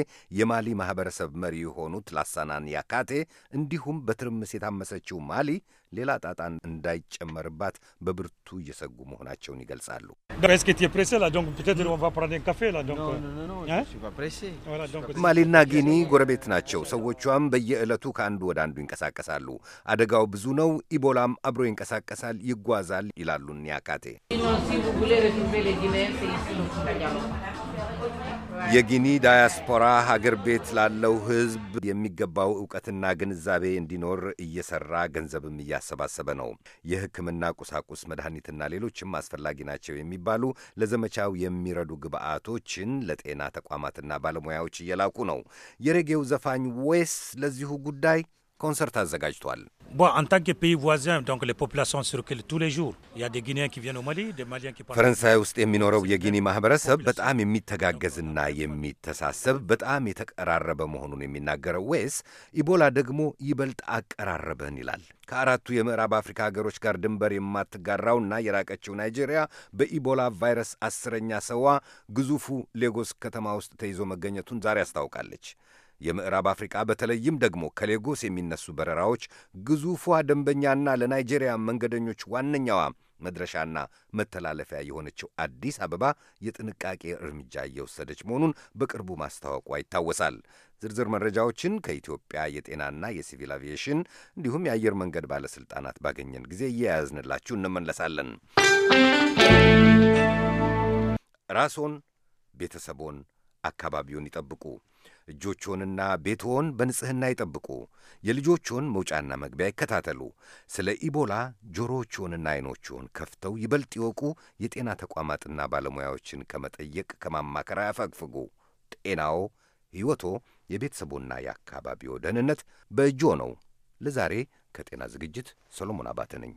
የማሊ ማህበረሰብ መሪ የሆኑት ላሳናን ያካቴ እንዲሁም በትርምስ የታመሰችው ማሊ ሌላ ጣጣን እንዳይጨመርባት በብርቱ እየሰጉ መሆናቸውን ይገልጻሉ። ማሊና ጊኒ euh, ጎረቤት ናቸው። ሰዎቿም በየዕለቱ ከአንዱ ወደ አንዱ ይንቀሳቀሳሉ። አደጋው ብዙ ነው፣ ኢቦላም አብሮ ይንቀሳቀሳል፣ ይጓዛል ይላሉ ኒያካቴ የጊኒ ዳያስፖራ ሀገር ቤት ላለው ሕዝብ የሚገባው እውቀትና ግንዛቤ እንዲኖር እየሰራ ገንዘብም እያሰባሰበ ነው። የሕክምና ቁሳቁስ፣ መድኃኒትና ሌሎችም አስፈላጊ ናቸው የሚባሉ ለዘመቻው የሚረዱ ግብዓቶችን ለጤና ተቋማትና ባለሙያዎች እየላኩ ነው። የሬጌው ዘፋኝ ዌስ ለዚሁ ጉዳይ ኮንሰርት አዘጋጅቷል። ፈረንሳይ ውስጥ የሚኖረው የጊኒ ማህበረሰብ በጣም የሚተጋገዝና የሚተሳሰብ በጣም የተቀራረበ መሆኑን የሚናገረው ዌስ ኢቦላ ደግሞ ይበልጥ አቀራረበን ይላል። ከአራቱ የምዕራብ አፍሪካ ሀገሮች ጋር ድንበር የማትጋራውና የራቀችው ናይጄሪያ በኢቦላ ቫይረስ አስረኛ ሰዋ ግዙፉ ሌጎስ ከተማ ውስጥ ተይዞ መገኘቱን ዛሬ አስታውቃለች። የምዕራብ አፍሪቃ በተለይም ደግሞ ከሌጎስ የሚነሱ በረራዎች ግዙፏ ደንበኛና ለናይጄሪያ መንገደኞች ዋነኛዋ መድረሻና መተላለፊያ የሆነችው አዲስ አበባ የጥንቃቄ እርምጃ እየወሰደች መሆኑን በቅርቡ ማስታወቋ ይታወሳል። ዝርዝር መረጃዎችን ከኢትዮጵያ የጤናና የሲቪል አቪዬሽን እንዲሁም የአየር መንገድ ባለሥልጣናት ባገኘን ጊዜ እየያዝንላችሁ እንመለሳለን። ራስዎን፣ ቤተሰቦን፣ አካባቢውን ይጠብቁ። እጆችዎንና ቤትዎን በንጽሕና ይጠብቁ። የልጆችዎን መውጫና መግቢያ ይከታተሉ። ስለ ኢቦላ ጆሮዎችዎንና ዓይኖችዎን ከፍተው ይበልጥ ይወቁ። የጤና ተቋማትና ባለሙያዎችን ከመጠየቅ ከማማከር አያፈግፍጉ። ጤናዎ፣ ሕይወቶ፣ የቤተሰቦና የአካባቢዎ ደህንነት በእጆ ነው። ለዛሬ ከጤና ዝግጅት ሰሎሞን አባተ ነኝ።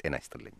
ጤና ይስጥልኝ።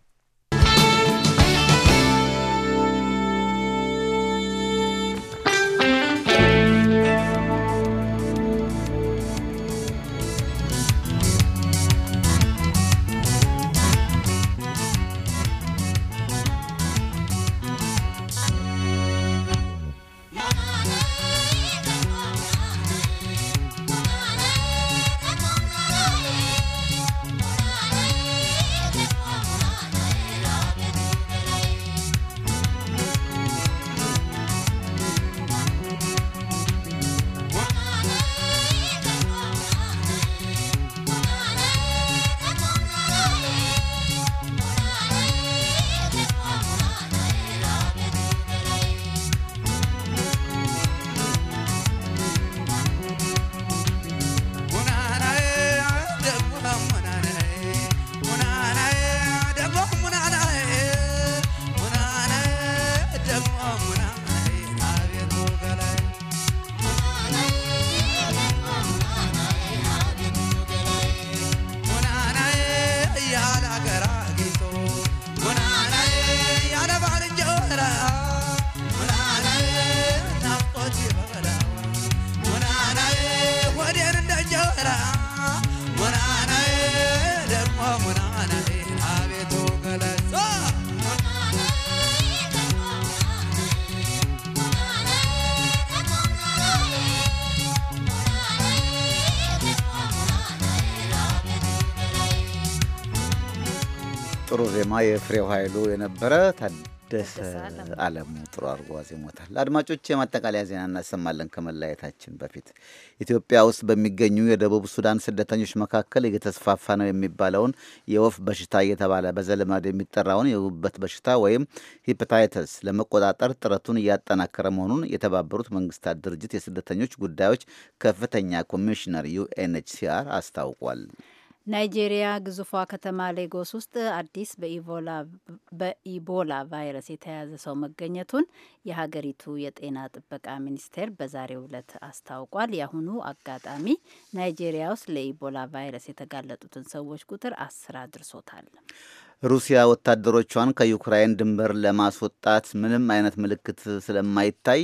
ዜማ የፍሬው ኃይሉ የነበረ ታደሰ አለሙ ጥሩ አድርጎ አዜሞታል። አድማጮች የማጠቃለያ ዜና እናሰማለን። ከመለያየታችን በፊት ኢትዮጵያ ውስጥ በሚገኙ የደቡብ ሱዳን ስደተኞች መካከል እየተስፋፋ ነው የሚባለውን የወፍ በሽታ እየተባለ በዘልማድ የሚጠራውን የጉበት በሽታ ወይም ሂፐታይተስ ለመቆጣጠር ጥረቱን እያጠናከረ መሆኑን የተባበሩት መንግስታት ድርጅት የስደተኞች ጉዳዮች ከፍተኛ ኮሚሽነር ዩኤንኤችሲአር አስታውቋል። ናይጄሪያ ግዙፏ ከተማ ሌጎስ ውስጥ አዲስ በኢቦላ ቫይረስ የተያዘ ሰው መገኘቱን የሀገሪቱ የጤና ጥበቃ ሚኒስቴር በዛሬው ዕለት አስታውቋል። የአሁኑ አጋጣሚ ናይጄሪያ ውስጥ ለኢቦላ ቫይረስ የተጋለጡትን ሰዎች ቁጥር አስር አድርሶታል። ሩሲያ ወታደሮቿን ከዩክራይን ድንበር ለማስወጣት ምንም አይነት ምልክት ስለማይታይ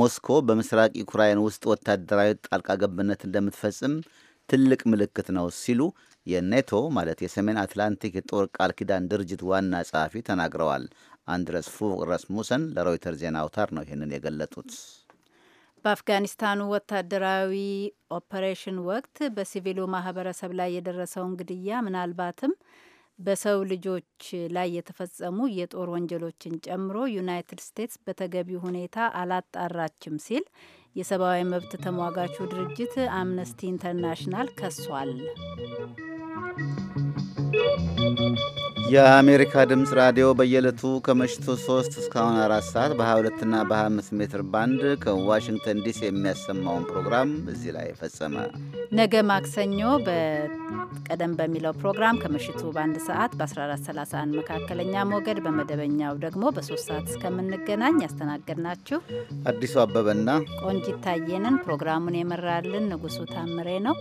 ሞስኮ በምስራቅ ዩክራይን ውስጥ ወታደራዊ ጣልቃ ገብነት እንደምትፈጽም ትልቅ ምልክት ነው ሲሉ የኔቶ ማለት የሰሜን አትላንቲክ የጦር ቃል ኪዳን ድርጅት ዋና ጸሐፊ ተናግረዋል። አንድረስ ፉግ ረስሙሰን ለሮይተር ዜና አውታር ነው ይህንን የገለጡት። በአፍጋኒስታኑ ወታደራዊ ኦፐሬሽን ወቅት በሲቪሉ ማህበረሰብ ላይ የደረሰውን ግድያ ምናልባትም በሰው ልጆች ላይ የተፈጸሙ የጦር ወንጀሎችን ጨምሮ ዩናይትድ ስቴትስ በተገቢ ሁኔታ አላጣራችም ሲል የሰብአዊ መብት ተሟጋቹ ድርጅት አምነስቲ ኢንተርናሽናል ከሷል። የአሜሪካ ድምፅ ራዲዮ በየዕለቱ ከምሽቱ 3 እስካሁን 4 ሰዓት በ22 ና በ25 ሜትር ባንድ ከዋሽንግተን ዲሲ የሚያሰማውን ፕሮግራም እዚህ ላይ ፈጸመ። ነገ ማክሰኞ በቀደም በሚለው ፕሮግራም ከምሽቱ በአንድ ሰዓት በ1431 መካከለኛ ሞገድ በመደበኛው ደግሞ በ3 ሰዓት እስከምንገናኝ ያስተናገድናችሁ አዲሱ አበበና ቆንጂት ታየንን ፕሮግራሙን የመራልን ንጉሱ ታምሬ ነው።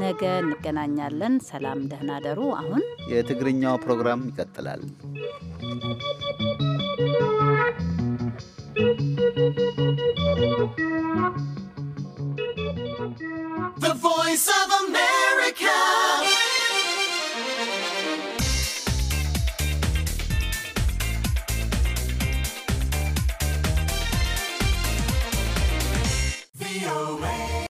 ነገ እንገናኛለን። ሰላም፣ ደህና ደሩ። አሁን የትግርኛው ፕሮግራም ይቀጥላል። The Voice of America